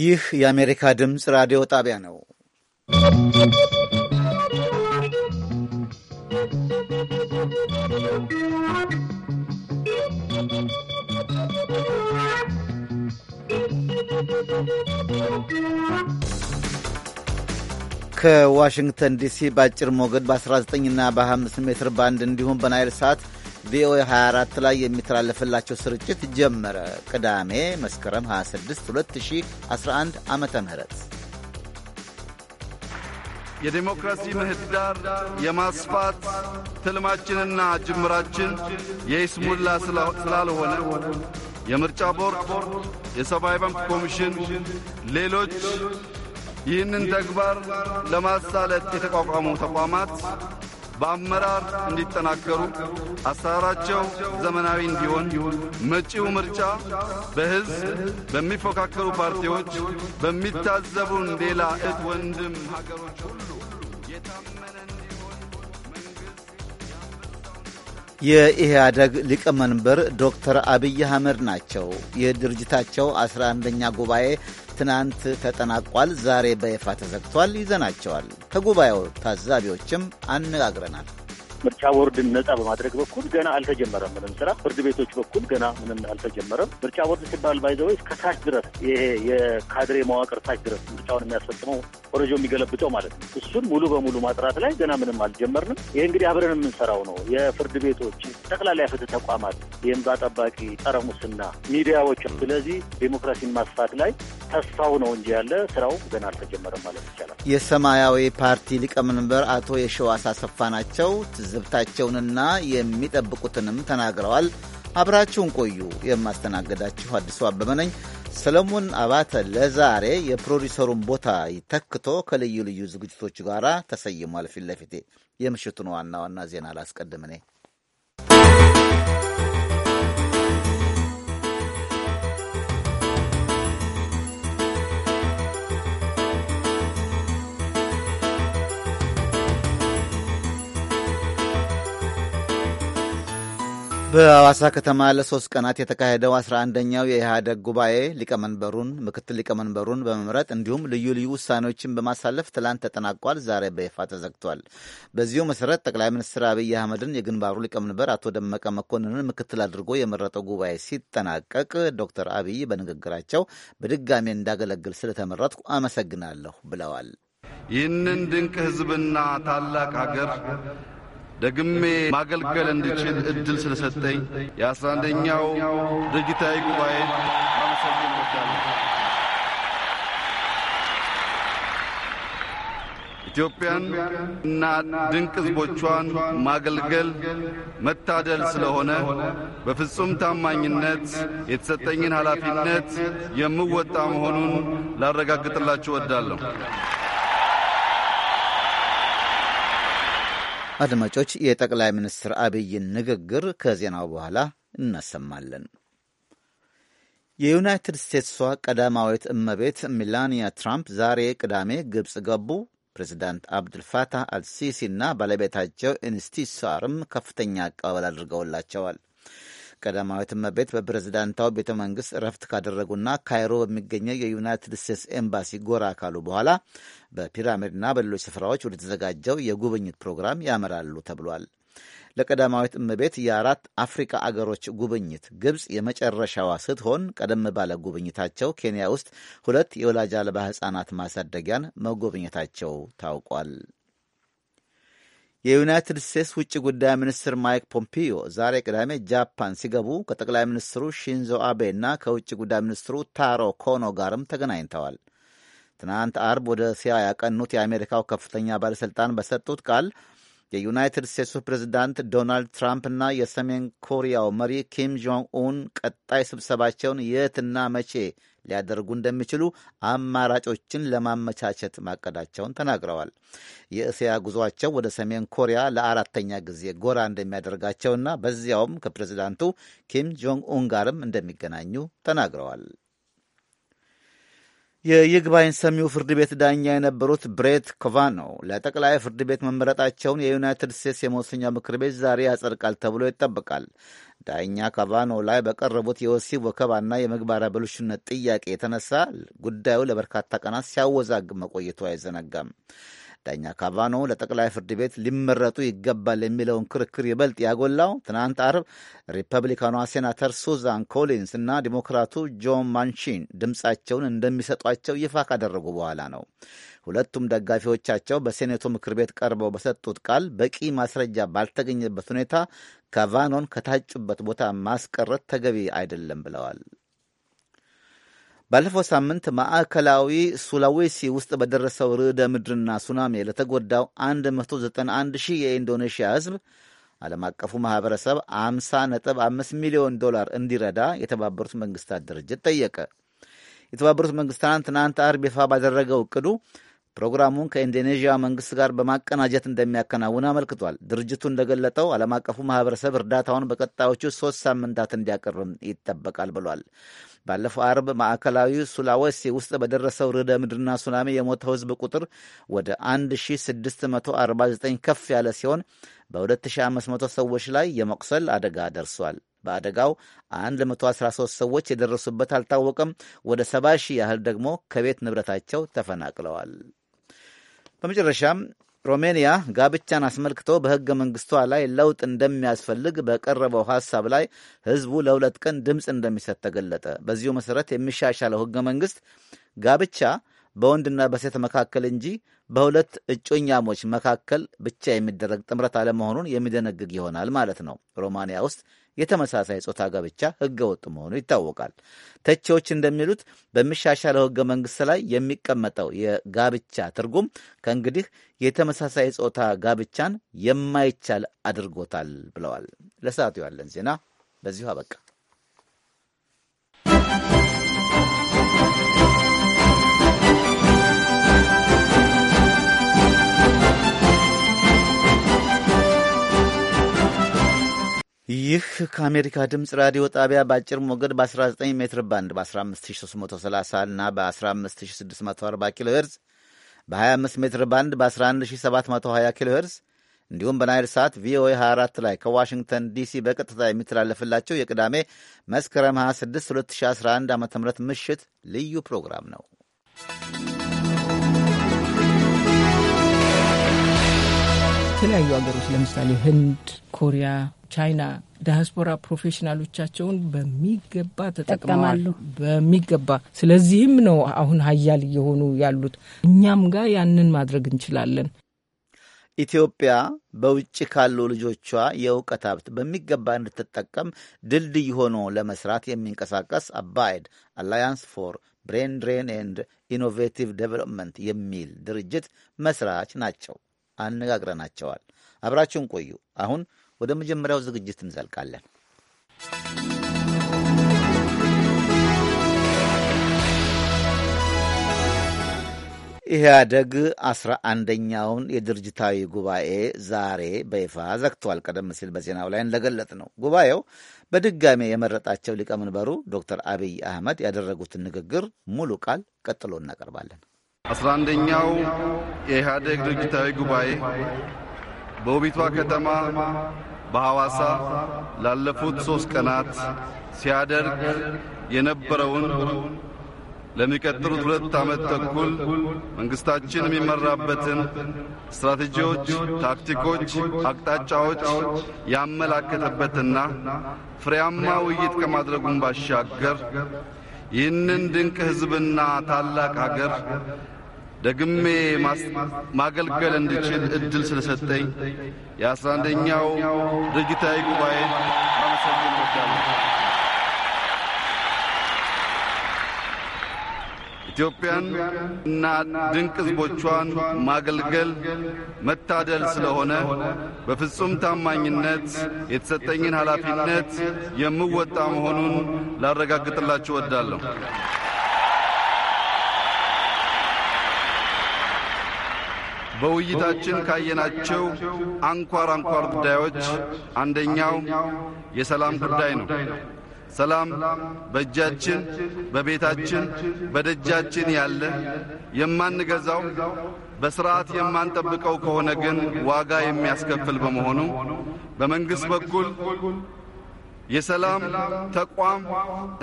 ይህ የአሜሪካ ድምፅ ራዲዮ ጣቢያ ነው። ከዋሽንግተን ዲሲ በአጭር ሞገድ በ19ና በ25 ሜትር ባንድ እንዲሁም በናይል ሰዓት ቪኦኤ 24 ላይ የሚተላለፍላቸው ስርጭት ጀመረ። ቅዳሜ መስከረም 26 2011 ዓ ም የዴሞክራሲ ምህዳር የማስፋት ትልማችንና ጅምራችን የይስሙላ ስላልሆነ የምርጫ ቦርድ፣ የሰብአዊ መብት ኮሚሽን፣ ሌሎች ይህንን ተግባር ለማሳለጥ የተቋቋሙ ተቋማት በአመራር እንዲጠናከሩ፣ አሰራራቸው ዘመናዊ እንዲሆን፣ መጪው ምርጫ በሕዝብ በሚፎካከሩ ፓርቲዎች በሚታዘቡን ሌላ እህት ወንድም ሀገሮች ሁሉ የታመነ የኢህአደግ ሊቀመንበር ዶክተር አብይ አህመድ ናቸው። የድርጅታቸው 11ኛ ጉባኤ ትናንት ተጠናቋል። ዛሬ በይፋ ተዘግቷል። ይዘናቸዋል። ከጉባኤው ታዛቢዎችም አነጋግረናል። ምርጫ ቦርድን ነጻ በማድረግ በኩል ገና አልተጀመረም ምንም ስራ። ፍርድ ቤቶች በኩል ገና ምንም አልተጀመረም። ምርጫ ቦርድ ሲባል ባይዘወይ እስከ ታች ድረስ ይሄ የካድሬ መዋቅር ታች ድረስ ምርጫውን የሚያስፈጽመው ኮረጆ የሚገለብጠው ማለት ነው። እሱን ሙሉ በሙሉ ማጥራት ላይ ገና ምንም አልጀመርንም። ይህ እንግዲህ አብረን የምንሰራው ነው። የፍርድ ቤቶች፣ ጠቅላላ የፍትህ ተቋማት፣ የእንባ ጠባቂ፣ ጸረ ሙስና ሚዲያዎች። ስለዚህ ዴሞክራሲን ማስፋት ላይ ተስፋው ነው እንጂ ያለ ስራው ገና አልተጀመረም ማለት ይቻላል። የሰማያዊ ፓርቲ ሊቀመንበር አቶ የሸዋስ አሰፋ ናቸው። ትዝብታቸውንና የሚጠብቁትንም ተናግረዋል። አብራችሁን ቆዩ። የማስተናገዳችሁ አዲሱ አበበ ነኝ። ሰለሞን አባተ ለዛሬ የፕሮዲሰሩን ቦታ ተክቶ ከልዩ ልዩ ዝግጅቶች ጋር ተሰይሟል። ፊት ለፊቴ የምሽቱን ዋና ዋና ዜና አላስቀድም እኔ በአዋሳ ከተማ ለሶስት ቀናት የተካሄደው አስራ አንደኛው የኢህአደግ ጉባኤ ሊቀመንበሩን፣ ምክትል ሊቀመንበሩን በመምረጥ እንዲሁም ልዩ ልዩ ውሳኔዎችን በማሳለፍ ትላንት ተጠናቋል። ዛሬ በይፋ ተዘግቷል። በዚሁ መሰረት ጠቅላይ ሚኒስትር አብይ አህመድን የግንባሩ ሊቀመንበር አቶ ደመቀ መኮንንን ምክትል አድርጎ የመረጠው ጉባኤ ሲጠናቀቅ ዶክተር አብይ በንግግራቸው በድጋሜ እንዳገለግል ስለተመረጥኩ አመሰግናለሁ ብለዋል። ይህንን ድንቅ ህዝብና ታላቅ አገር ደግሜ ማገልገል እንድችል እድል ስለሰጠኝ የአስራ አንደኛው ድርጅታዊ ጉባኤ ኢትዮጵያን እና ድንቅ ሕዝቦቿን ማገልገል መታደል ስለሆነ በፍጹም ታማኝነት የተሰጠኝን ኃላፊነት የምወጣ መሆኑን ላረጋግጥላችሁ እወዳለሁ። አድማጮች የጠቅላይ ሚኒስትር አብይን ንግግር ከዜናው በኋላ እናሰማለን። የዩናይትድ ስቴትሷ ቀዳማዊት እመቤት ሚላኒያ ትራምፕ ዛሬ ቅዳሜ ግብፅ ገቡ። ፕሬዚዳንት አብዱልፋታህ አልሲሲ እና ባለቤታቸው ኢንስቲሳርም ከፍተኛ አቀባበል አድርገውላቸዋል። ቀዳማዊት እመቤት በፕሬዝዳንታው ቤተ መንግሥት እረፍት ካደረጉና ካይሮ በሚገኘው የዩናይትድ ስቴትስ ኤምባሲ ጎራ ካሉ በኋላ በፒራሚድና በሌሎች ስፍራዎች ወደተዘጋጀው የጉብኝት ፕሮግራም ያመራሉ ተብሏል። ለቀዳማዊት እመቤት የአራት አፍሪካ አገሮች ጉብኝት ግብፅ የመጨረሻዋ ስትሆን ቀደም ባለ ጉብኝታቸው ኬንያ ውስጥ ሁለት የወላጅ አልባ ሕፃናት ማሳደጊያን መጎብኘታቸው ታውቋል። የዩናይትድ ስቴትስ ውጭ ጉዳይ ሚኒስትር ማይክ ፖምፒዮ ዛሬ ቅዳሜ ጃፓን ሲገቡ ከጠቅላይ ሚኒስትሩ ሺንዞ አቤ እና ከውጭ ጉዳይ ሚኒስትሩ ታሮ ኮኖ ጋርም ተገናኝተዋል። ትናንት አርብ ወደ ሲያ ያቀኑት የአሜሪካው ከፍተኛ ባለሥልጣን በሰጡት ቃል የዩናይትድ ስቴትሱ ፕሬዝዳንት ዶናልድ ትራምፕ እና የሰሜን ኮሪያው መሪ ኪም ጆንግ ኡን ቀጣይ ስብሰባቸውን የትና መቼ ሊያደርጉ እንደሚችሉ አማራጮችን ለማመቻቸት ማቀዳቸውን ተናግረዋል። የእስያ ጉዟቸው ወደ ሰሜን ኮሪያ ለአራተኛ ጊዜ ጎራ እንደሚያደርጋቸውና በዚያውም ከፕሬዚዳንቱ ኪም ጆንግ ኡን ጋርም እንደሚገናኙ ተናግረዋል። የይግባኝ ሰሚው ፍርድ ቤት ዳኛ የነበሩት ብሬት ኮቫኖ ለጠቅላይ ፍርድ ቤት መመረጣቸውን የዩናይትድ ስቴትስ የመወሰኛው ምክር ቤት ዛሬ ያጸድቃል ተብሎ ይጠበቃል። ዳኛ ካቫኖ ላይ በቀረቡት የወሲብ ወከባና የምግባረ ብልሹነት ጥያቄ የተነሳ ጉዳዩ ለበርካታ ቀናት ሲያወዛግብ መቆየቱ አይዘነጋም። ዳኛ ካቫኖ ለጠቅላይ ፍርድ ቤት ሊመረጡ ይገባል የሚለውን ክርክር ይበልጥ ያጎላው ትናንት አርብ ሪፐብሊካኗ ሴናተር ሱዛን ኮሊንስ እና ዲሞክራቱ ጆን ማንሺን ድምፃቸውን እንደሚሰጧቸው ይፋ ካደረጉ በኋላ ነው። ሁለቱም ደጋፊዎቻቸው በሴኔቱ ምክር ቤት ቀርበው በሰጡት ቃል በቂ ማስረጃ ባልተገኘበት ሁኔታ ካቫኖን ከታጩበት ቦታ ማስቀረት ተገቢ አይደለም ብለዋል። ባለፈው ሳምንት ማዕከላዊ ሱላዌሲ ውስጥ በደረሰው ርዕደ ምድርና ሱናሚ ለተጎዳው 191 ሺህ የኢንዶኔሽያ ሕዝብ ዓለም አቀፉ ማኅበረሰብ 50.5 ሚሊዮን ዶላር እንዲረዳ የተባበሩት መንግስታት ድርጅት ጠየቀ። የተባበሩት መንግስታት ትናንት አርብ ይፋ ባደረገው ዕቅዱ ፕሮግራሙን ከኢንዶኔዥያ መንግስት ጋር በማቀናጀት እንደሚያከናውን አመልክቷል። ድርጅቱ እንደገለጠው ዓለም አቀፉ ማህበረሰብ እርዳታውን በቀጣዮቹ ሶስት ሳምንታት እንዲያቀርብ ይጠበቃል ብሏል። ባለፈው አርብ ማዕከላዊ ሱላዌሲ ውስጥ በደረሰው ርዕደ ምድርና ሱናሚ የሞተው ሕዝብ ቁጥር ወደ 1649 ከፍ ያለ ሲሆን በ2500 ሰዎች ላይ የመቁሰል አደጋ ደርሷል። በአደጋው 113 ሰዎች የደረሱበት አልታወቀም። ወደ 70 ሺህ ያህል ደግሞ ከቤት ንብረታቸው ተፈናቅለዋል። በመጨረሻም ሮሜኒያ ጋብቻን አስመልክቶ በሕገ መንግስቷ ላይ ለውጥ እንደሚያስፈልግ በቀረበው ሐሳብ ላይ ሕዝቡ ለሁለት ቀን ድምፅ እንደሚሰጥ ተገለጠ። በዚሁ መሠረት የሚሻሻለው ሕገ መንግሥት ጋብቻ በወንድና በሴት መካከል እንጂ በሁለት እጮኛሞች መካከል ብቻ የሚደረግ ጥምረት አለመሆኑን የሚደነግግ ይሆናል ማለት ነው። ሮማንያ ውስጥ የተመሳሳይ ጾታ ጋብቻ ሕገ ወጥ መሆኑ ይታወቃል። ተቺዎች እንደሚሉት በሚሻሻለው ሕገ መንግሥት ላይ የሚቀመጠው የጋብቻ ትርጉም ከእንግዲህ የተመሳሳይ ጾታ ጋብቻን የማይቻል አድርጎታል ብለዋል። ለሰዓቱ ያለን ዜና በዚሁ አበቃ። ይህ ከአሜሪካ ድምፅ ራዲዮ ጣቢያ በአጭር ሞገድ በ19 ሜትር ባንድ በ15330 እና በ15640 ኪሎ ሄርዝ በ25 ሜትር ባንድ በ11720 ኪሎ ሄርዝ እንዲሁም በናይል ሰዓት ቪኦኤ 24 ላይ ከዋሽንግተን ዲሲ በቀጥታ የሚተላለፍላቸው የቅዳሜ መስከረም 26 2011 ዓ ም ምሽት ልዩ ፕሮግራም ነው። የተለያዩ ሀገሮች ለምሳሌ ህንድ፣ ኮሪያ፣ ቻይና ዳያስፖራ ፕሮፌሽናሎቻቸውን በሚገባ ተጠቅመዋል በሚገባ። ስለዚህም ነው አሁን ሀያል እየሆኑ ያሉት። እኛም ጋር ያንን ማድረግ እንችላለን። ኢትዮጵያ በውጭ ካሉ ልጆቿ የእውቀት ሀብት በሚገባ እንድትጠቀም ድልድይ ሆኖ ለመስራት የሚንቀሳቀስ አባይድ አላያንስ ፎር ብሬን ድሬን ኤንድ ኢኖቬቲቭ ዴቨሎፕመንት የሚል ድርጅት መስራች ናቸው። አነጋግረናቸዋል። አብራችሁን ቆዩ። አሁን ወደ መጀመሪያው ዝግጅት እንዘልቃለን። ኢህአደግ አስራ አንደኛውን የድርጅታዊ ጉባኤ ዛሬ በይፋ ዘግቷል። ቀደም ሲል በዜናው ላይ እንደገለጥ ነው ጉባኤው በድጋሜ የመረጣቸው ሊቀመንበሩ ዶክተር አብይ አህመድ ያደረጉትን ንግግር ሙሉ ቃል ቀጥሎ እናቀርባለን። አስራ አንደኛው የኢህአዴግ ድርጅታዊ ጉባኤ በውቢቷ ከተማ በሐዋሳ ላለፉት ሦስት ቀናት ሲያደርግ የነበረውን ለሚቀጥሉት ሁለት ዓመት ተኩል መንግሥታችን የሚመራበትን ስትራቴጂዎች፣ ታክቲኮች፣ አቅጣጫዎች ያመላከተበትና ፍሬያማ ውይይት ከማድረጉን ባሻገር ይህንን ድንቅ ሕዝብና ታላቅ አገር ደግሜ ማገልገል እንድችል እድል ስለሰጠኝ የአስራ አንደኛው ድርጅታዊ ጉባኤ ማመሰግን እወዳለሁ። ኢትዮጵያን እና ድንቅ ሕዝቦቿን ማገልገል መታደል ስለሆነ በፍጹም ታማኝነት የተሰጠኝን ኃላፊነት የምወጣ መሆኑን ላረጋግጥላችሁ እወዳለሁ። በውይይታችን ካየናቸው አንኳር አንኳር ጉዳዮች አንደኛው የሰላም ጉዳይ ነው። ሰላም በእጃችን፣ በቤታችን፣ በደጃችን ያለ የማንገዛው በስርዓት የማንጠብቀው ከሆነ ግን ዋጋ የሚያስከፍል በመሆኑ በመንግሥት በኩል የሰላም ተቋም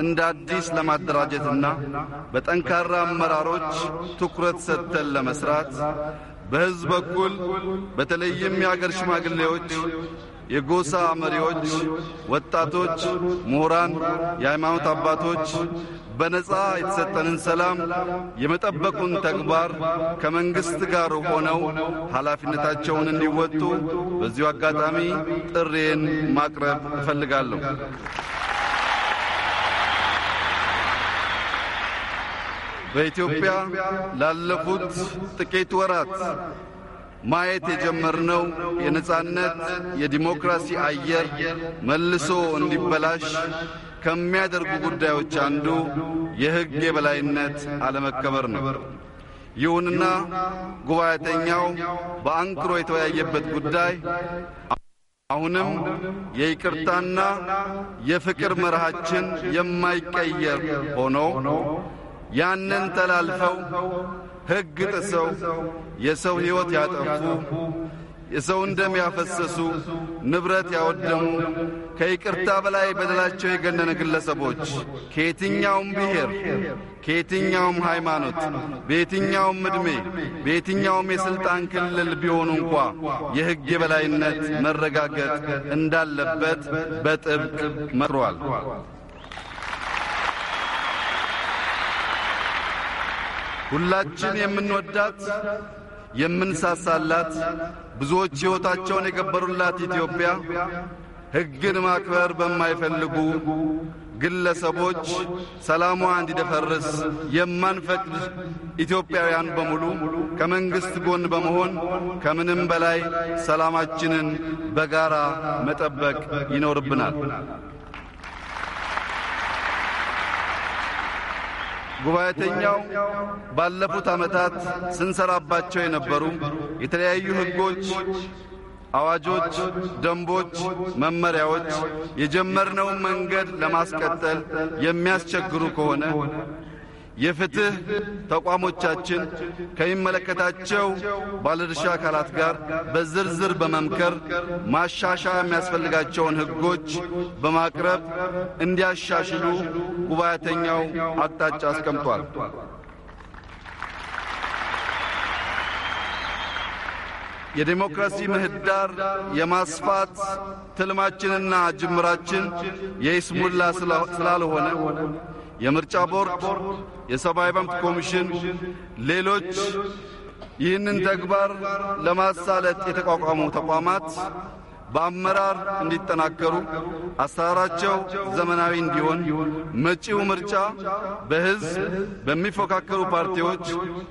እንደ አዲስ ለማደራጀትና በጠንካራ አመራሮች ትኩረት ሰጥተን ለመስራት በሕዝብ በኩል በተለይም የአገር ሽማግሌዎች፣ የጎሳ መሪዎች፣ ወጣቶች፣ ምሁራን፣ የሃይማኖት አባቶች በነጻ የተሰጠንን ሰላም የመጠበቁን ተግባር ከመንግሥት ጋር ሆነው ኃላፊነታቸውን እንዲወጡ በዚሁ አጋጣሚ ጥሬን ማቅረብ እፈልጋለሁ። በኢትዮጵያ ላለፉት ጥቂት ወራት ማየት የጀመርነው የነጻነት የዲሞክራሲ አየር መልሶ እንዲበላሽ ከሚያደርጉ ጉዳዮች አንዱ የሕግ የበላይነት አለመከበር ነው። ይሁንና ጉባኤተኛው በአንክሮ የተወያየበት ጉዳይ አሁንም የይቅርታና የፍቅር መርሃችን የማይቀየር ሆኖ ያንን ተላልፈው ሕግ ጥሰው የሰው ሕይወት ያጠፉ የሰውን ደም ያፈሰሱ ንብረት ያወደሙ ከይቅርታ በላይ በደላቸው የገነነ ግለሰቦች ከየትኛውም ብሔር፣ ከየትኛውም ሃይማኖት፣ በየትኛውም ዕድሜ፣ በየትኛውም የሥልጣን ክልል ቢሆኑ እንኳ የሕግ የበላይነት መረጋገጥ እንዳለበት በጥብቅ መክሯል። ሁላችን የምንወዳት የምንሳሳላት ብዙዎች ሕይወታቸውን የገበሩላት ኢትዮጵያ ሕግን ማክበር በማይፈልጉ ግለሰቦች ሰላሟ እንዲደፈርስ የማንፈቅድ ኢትዮጵያውያን በሙሉ ከመንግሥት ጎን በመሆን ከምንም በላይ ሰላማችንን በጋራ መጠበቅ ይኖርብናል። ጉባኤተኛው ባለፉት ዓመታት ስንሰራባቸው የነበሩ የተለያዩ ሕጎች፣ አዋጆች፣ ደንቦች፣ መመሪያዎች የጀመርነውን መንገድ ለማስቀጠል የሚያስቸግሩ ከሆነ የፍትህ ተቋሞቻችን ከሚመለከታቸው ባለድርሻ አካላት ጋር በዝርዝር በመምከር ማሻሻያ የሚያስፈልጋቸውን ሕጎች በማቅረብ እንዲያሻሽሉ ጉባኤተኛው አቅጣጫ አስቀምጧል። የዴሞክራሲ ምህዳር የማስፋት ትልማችንና ጅምራችን የይስሙላ ስላልሆነ የምርጫ ቦርድ፣ የሰብአዊ መብት ኮሚሽን፣ ሌሎች ይህንን ተግባር ለማሳለጥ የተቋቋሙ ተቋማት በአመራር እንዲጠናከሩ፣ አሰራራቸው ዘመናዊ እንዲሆን፣ መጪው ምርጫ በሕዝብ በሚፎካከሩ ፓርቲዎች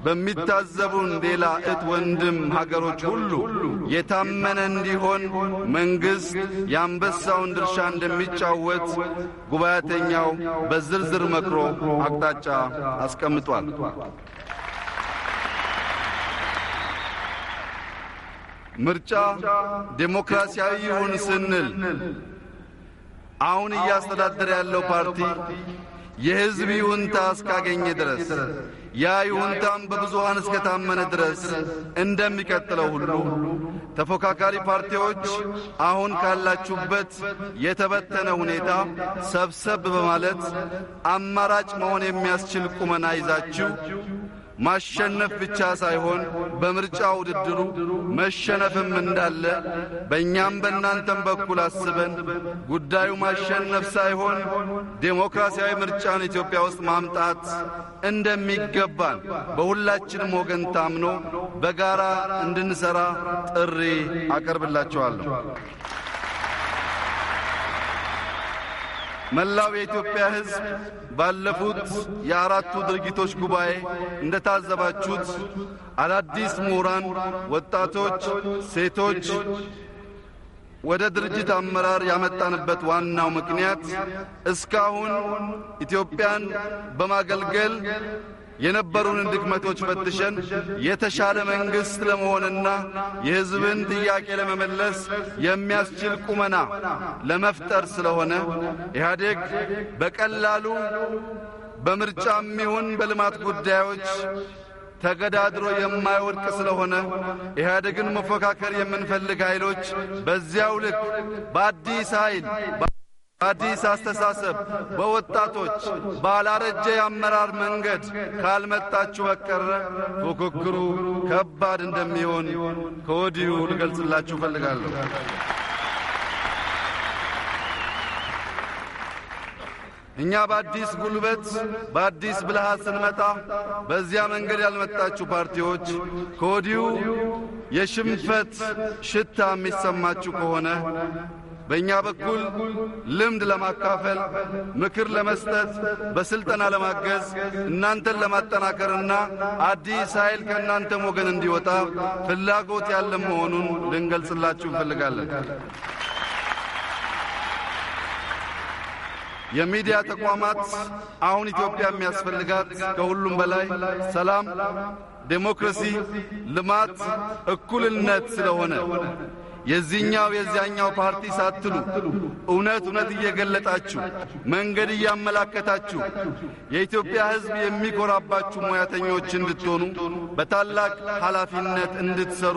በሚታዘቡን ሌላ እህት ወንድም ሀገሮች ሁሉ የታመነ እንዲሆን መንግሥት የአንበሳውን ድርሻ እንደሚጫወት ጉባኤተኛው በዝርዝር መክሮ አቅጣጫ አስቀምጧል። ምርጫ ዴሞክራሲያዊ ይሁን ስንል አሁን እያስተዳደረ ያለው ፓርቲ የሕዝብ ይሁንታ እስካገኘ ድረስ ያ ይሁንታም በብዙሃን እስከታመነ ድረስ እንደሚቀጥለው ሁሉ ተፎካካሪ ፓርቲዎች አሁን ካላችሁበት የተበተነ ሁኔታ ሰብሰብ በማለት አማራጭ መሆን የሚያስችል ቁመና ይዛችሁ ማሸነፍ ብቻ ሳይሆን በምርጫ ውድድሩ መሸነፍም እንዳለ በእኛም በእናንተም በኩል አስበን ጉዳዩ ማሸነፍ ሳይሆን ዴሞክራሲያዊ ምርጫን ኢትዮጵያ ውስጥ ማምጣት እንደሚገባን በሁላችንም ወገን ታምኖ በጋራ እንድንሠራ ጥሪ አቀርብላችኋለሁ። መላው የኢትዮጵያ ሕዝብ ባለፉት የአራቱ ድርጊቶች ጉባኤ እንደታዘባችሁት አዳዲስ ምሁራን፣ ወጣቶች፣ ሴቶች ወደ ድርጅት አመራር ያመጣንበት ዋናው ምክንያት እስካሁን ኢትዮጵያን በማገልገል የነበሩንን ድክመቶች ፈትሸን የተሻለ መንግሥት ለመሆንና የሕዝብን ጥያቄ ለመመለስ የሚያስችል ቁመና ለመፍጠር ስለሆነ ኢህአዴግ በቀላሉ በምርጫም ይሁን በልማት ጉዳዮች ተገዳድሮ የማይወድቅ ስለሆነ ኢህአዴግን መፎካከር የምንፈልግ ኃይሎች በዚያው ልክ በአዲስ ኃይል አዲስ አስተሳሰብ በወጣቶች ባላረጀ የአመራር መንገድ ካልመጣችሁ በቀረ ፉክክሩ ከባድ እንደሚሆን ከወዲሁ ልገልጽላችሁ እፈልጋለሁ። እኛ በአዲስ ጉልበት በአዲስ ብልሃት ስንመጣ በዚያ መንገድ ያልመጣችሁ ፓርቲዎች ከወዲሁ የሽንፈት ሽታ የሚሰማችሁ ከሆነ በእኛ በኩል ልምድ ለማካፈል፣ ምክር ለመስጠት፣ በሥልጠና ለማገዝ፣ እናንተን ለማጠናከርና አዲስ ኃይል ከእናንተም ወገን እንዲወጣ ፍላጎት ያለ መሆኑን ልንገልጽላችሁ እንፈልጋለን። የሚዲያ ተቋማት አሁን ኢትዮጵያ የሚያስፈልጋት ከሁሉም በላይ ሰላም፣ ዴሞክራሲ፣ ልማት፣ እኩልነት ስለሆነ የዚህኛው የዚያኛው ፓርቲ ሳትሉ እውነት እውነት እየገለጣችሁ መንገድ እያመላከታችሁ የኢትዮጵያ ሕዝብ የሚኮራባችሁ ሙያተኞች እንድትሆኑ በታላቅ ኃላፊነት እንድትሰሩ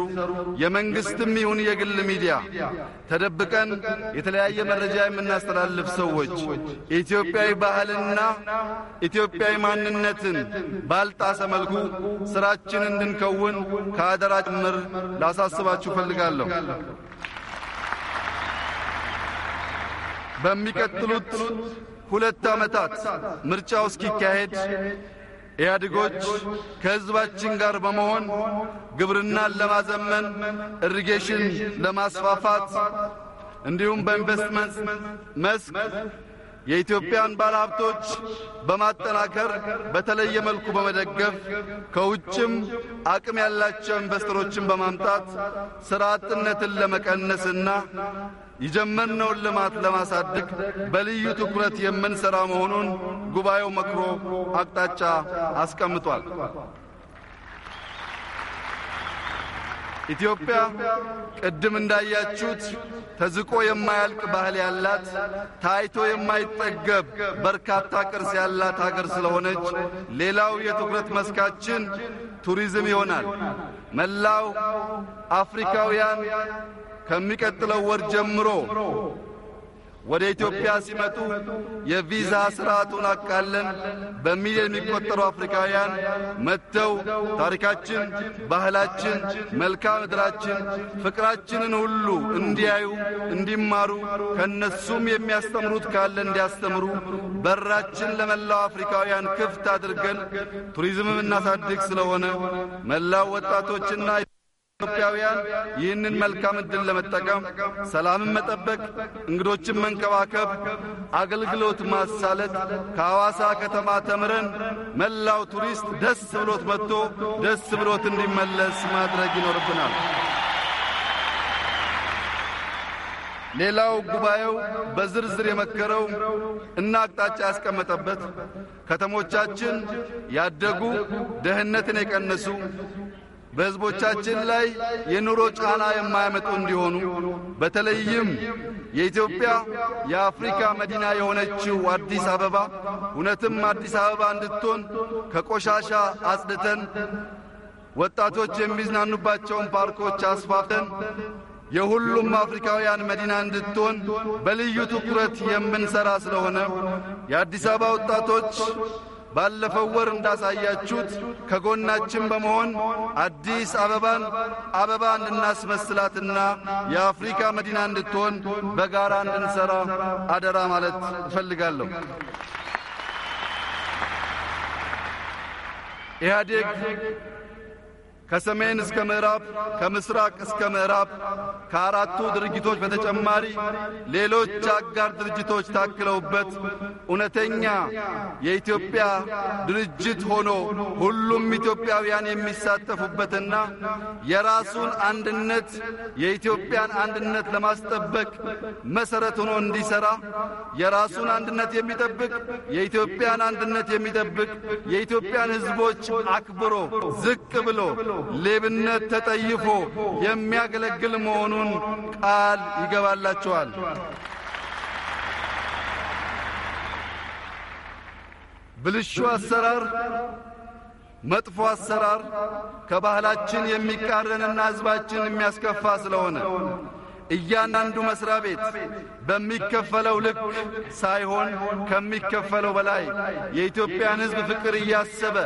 የመንግሥትም ይሁን የግል ሚዲያ ተደብቀን የተለያየ መረጃ የምናስተላልፍ ሰዎች ኢትዮጵያዊ ባህልና ኢትዮጵያዊ ማንነትን ባልጣሰ መልኩ ስራችን እንድንከውን ከአደራ ጭምር ላሳስባችሁ እፈልጋለሁ። በሚቀጥሉት ሁለት ዓመታት ምርጫው እስኪካሄድ ኢህአዴጎች ከሕዝባችን ጋር በመሆን ግብርናን ለማዘመን፣ እሪጌሽን ለማስፋፋት እንዲሁም በኢንቨስትመንት መስክ የኢትዮጵያን ባለሀብቶች በማጠናከር በተለየ መልኩ በመደገፍ ከውጭም አቅም ያላቸው ኢንቨስተሮችን በማምጣት ሥራ አጥነትን ለመቀነስና የጀመርነውን ልማት ለማሳደግ በልዩ ትኩረት የምንሠራ መሆኑን ጉባኤው መክሮ አቅጣጫ አስቀምጧል። ኢትዮጵያ ቅድም እንዳያችሁት ተዝቆ የማያልቅ ባህል ያላት ታይቶ የማይጠገብ በርካታ ቅርስ ያላት ሀገር ስለሆነች ሌላው የትኩረት መስካችን ቱሪዝም ይሆናል። መላው አፍሪካውያን ከሚቀጥለው ወር ጀምሮ ወደ ኢትዮጵያ ሲመጡ የቪዛ ስርዓቱን አቃለን በሚል የሚቆጠሩ አፍሪካውያን መጥተው ታሪካችን፣ ባህላችን፣ መልክዓ ምድራችን፣ ፍቅራችንን ሁሉ እንዲያዩ፣ እንዲማሩ ከእነሱም የሚያስተምሩት ካለ እንዲያስተምሩ በራችን ለመላው አፍሪካውያን ክፍት አድርገን ቱሪዝምም እናሳድግ ስለሆነ መላው ወጣቶችና ኢትዮጵያውያን ይህንን መልካም እድል ለመጠቀም ሰላምን መጠበቅ፣ እንግዶችን መንከባከብ፣ አገልግሎት ማሳለጥ ከሐዋሳ ከተማ ተምረን መላው ቱሪስት ደስ ብሎት መጥቶ ደስ ብሎት እንዲመለስ ማድረግ ይኖርብናል። ሌላው ጉባኤው በዝርዝር የመከረው እና አቅጣጫ ያስቀመጠበት ከተሞቻችን ያደጉ፣ ደህንነትን የቀነሱ በሕዝቦቻችን ላይ የኑሮ ጫና የማያመጡ እንዲሆኑ በተለይም የኢትዮጵያ የአፍሪካ መዲና የሆነችው አዲስ አበባ እውነትም አዲስ አበባ እንድትሆን ከቆሻሻ አጽድተን ወጣቶች የሚዝናኑባቸውን ፓርኮች አስፋፍተን የሁሉም አፍሪካውያን መዲና እንድትሆን በልዩ ትኩረት የምንሠራ ስለሆነ የአዲስ አበባ ወጣቶች ባለፈው ወር እንዳሳያችሁት ከጎናችን በመሆን አዲስ አበባን አበባ እንድናስመስላትና የአፍሪካ መዲና እንድትሆን በጋራ እንድንሠራ አደራ ማለት እፈልጋለሁ። ኢህአዴግ ከሰሜን እስከ ምዕራብ፣ ከምስራቅ እስከ ምዕራብ ከአራቱ ድርጅቶች በተጨማሪ ሌሎች አጋር ድርጅቶች ታክለውበት እውነተኛ የኢትዮጵያ ድርጅት ሆኖ ሁሉም ኢትዮጵያውያን የሚሳተፉበትና የራሱን አንድነት የኢትዮጵያን አንድነት ለማስጠበቅ መሰረት ሆኖ እንዲሰራ የራሱን አንድነት የሚጠብቅ የኢትዮጵያን አንድነት የሚጠብቅ የኢትዮጵያን ሕዝቦች አክብሮ ዝቅ ብሎ ሌብነት ተጠይፎ የሚያገለግል መሆኑን ቃል ይገባላቸዋል። ብልሹ አሰራር፣ መጥፎ አሰራር ከባህላችን የሚቃረንና ሕዝባችን የሚያስከፋ ስለሆነ እያንዳንዱ መስሪያ ቤት በሚከፈለው ልክ ሳይሆን ከሚከፈለው በላይ የኢትዮጵያን ሕዝብ ፍቅር እያሰበ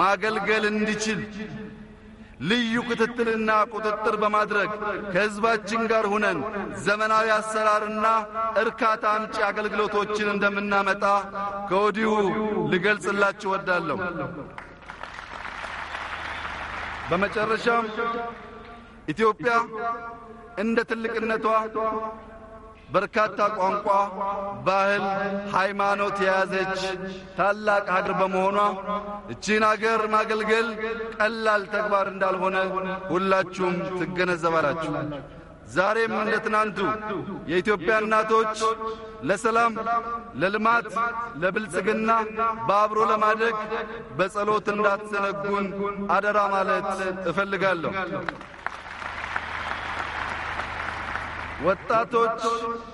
ማገልገል እንዲችል ልዩ ክትትልና ቁጥጥር በማድረግ ከሕዝባችን ጋር ሁነን ዘመናዊ አሰራርና እርካታ አምጪ አገልግሎቶችን እንደምናመጣ ከወዲሁ ልገልጽላችሁ እወዳለሁ። በመጨረሻም ኢትዮጵያ እንደ ትልቅነቷ በርካታ ቋንቋ፣ ባህል፣ ሃይማኖት የያዘች ታላቅ ሀገር በመሆኗ እቺን አገር ማገልገል ቀላል ተግባር እንዳልሆነ ሁላችሁም ትገነዘባላችሁ። ዛሬም እንደ ትናንቱ የኢትዮጵያ እናቶች ለሰላም፣ ለልማት፣ ለብልጽግና በአብሮ ለማደግ በጸሎት እንዳትዘነጉን አደራ ማለት እፈልጋለሁ። ወጣቶች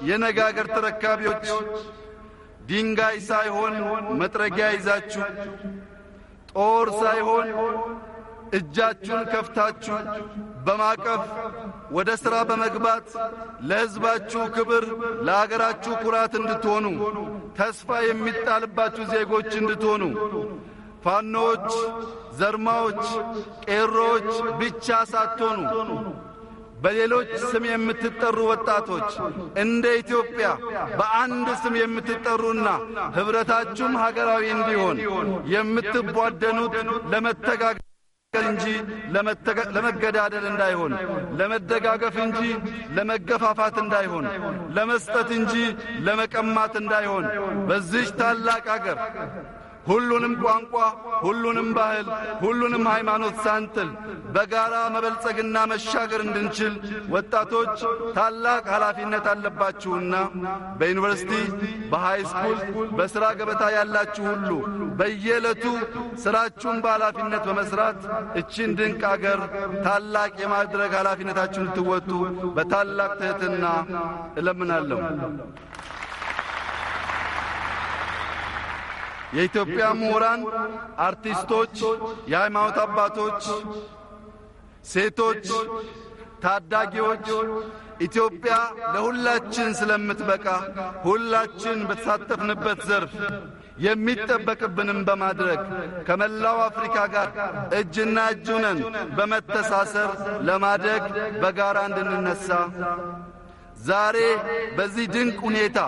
የነገ አገር ተረካቢዎች ድንጋይ ሳይሆን መጥረጊያ ይዛችሁ፣ ጦር ሳይሆን እጃችሁን ከፍታችሁ በማቀፍ ወደ ሥራ በመግባት ለሕዝባችሁ ክብር፣ ለአገራችሁ ኩራት እንድትሆኑ ተስፋ የሚጣልባችሁ ዜጎች እንድትሆኑ ፋኖዎች፣ ዘርማዎች፣ ቄሮዎች ብቻ ሳትሆኑ በሌሎች ስም የምትጠሩ ወጣቶች እንደ ኢትዮጵያ በአንድ ስም የምትጠሩና ኅብረታችሁም ሀገራዊ እንዲሆን የምትቧደኑት ለመተጋገ እንጂ ለመገዳደል እንዳይሆን፣ ለመደጋገፍ እንጂ ለመገፋፋት እንዳይሆን፣ ለመስጠት እንጂ ለመቀማት እንዳይሆን በዚች ታላቅ አገር ሁሉንም ቋንቋ፣ ሁሉንም ባህል፣ ሁሉንም ሃይማኖት ሳንጥል በጋራ መበልጸግና መሻገር እንድንችል ወጣቶች ታላቅ ኃላፊነት አለባችሁና በዩኒቨርሲቲ፣ በሃይ ስኩል፣ በሥራ ገበታ ያላችሁ ሁሉ በየዕለቱ ሥራችሁን በኃላፊነት በመሥራት እቺን ድንቅ አገር ታላቅ የማድረግ ኃላፊነታችሁን ልትወጡ በታላቅ ትሕትና እለምናለሁ። የኢትዮጵያ ምሁራን፣ አርቲስቶች፣ የሃይማኖት አባቶች፣ ሴቶች፣ ታዳጊዎች ኢትዮጵያ ለሁላችን ስለምትበቃ ሁላችን በተሳተፍንበት ዘርፍ የሚጠበቅብንም በማድረግ ከመላው አፍሪካ ጋር እጅና እጁነን በመተሳሰር ለማደግ በጋራ እንድንነሳ ዛሬ በዚህ ድንቅ ሁኔታ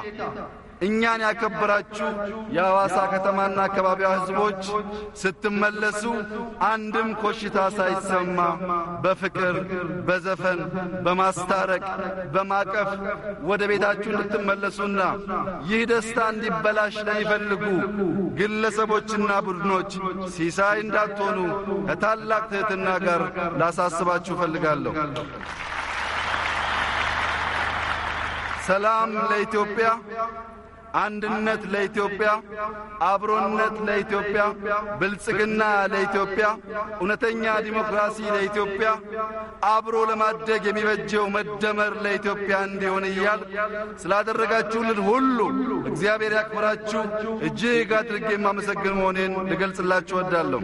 እኛን ያከበራችሁ የአዋሳ ከተማና አካባቢዋ ሕዝቦች ስትመለሱ አንድም ኮሽታ ሳይሰማ በፍቅር በዘፈን በማስታረቅ በማቀፍ ወደ ቤታችሁ እንድትመለሱና ይህ ደስታ እንዲበላሽ ለሚፈልጉ ግለሰቦችና ቡድኖች ሲሳይ እንዳትሆኑ ከታላቅ ትሕትና ጋር ላሳስባችሁ እፈልጋለሁ። ሰላም ለኢትዮጵያ አንድነት ለኢትዮጵያ፣ አብሮነት ለኢትዮጵያ፣ ብልጽግና ለኢትዮጵያ፣ እውነተኛ ዲሞክራሲ ለኢትዮጵያ፣ አብሮ ለማደግ የሚበጀው መደመር ለኢትዮጵያ እንዲሆን እያል ስላደረጋችሁልን ሁሉ እግዚአብሔር ያክብራችሁ። እጅግ አድርጌ የማመሰግን መሆኔን ልገልጽላችሁ ወዳለሁ።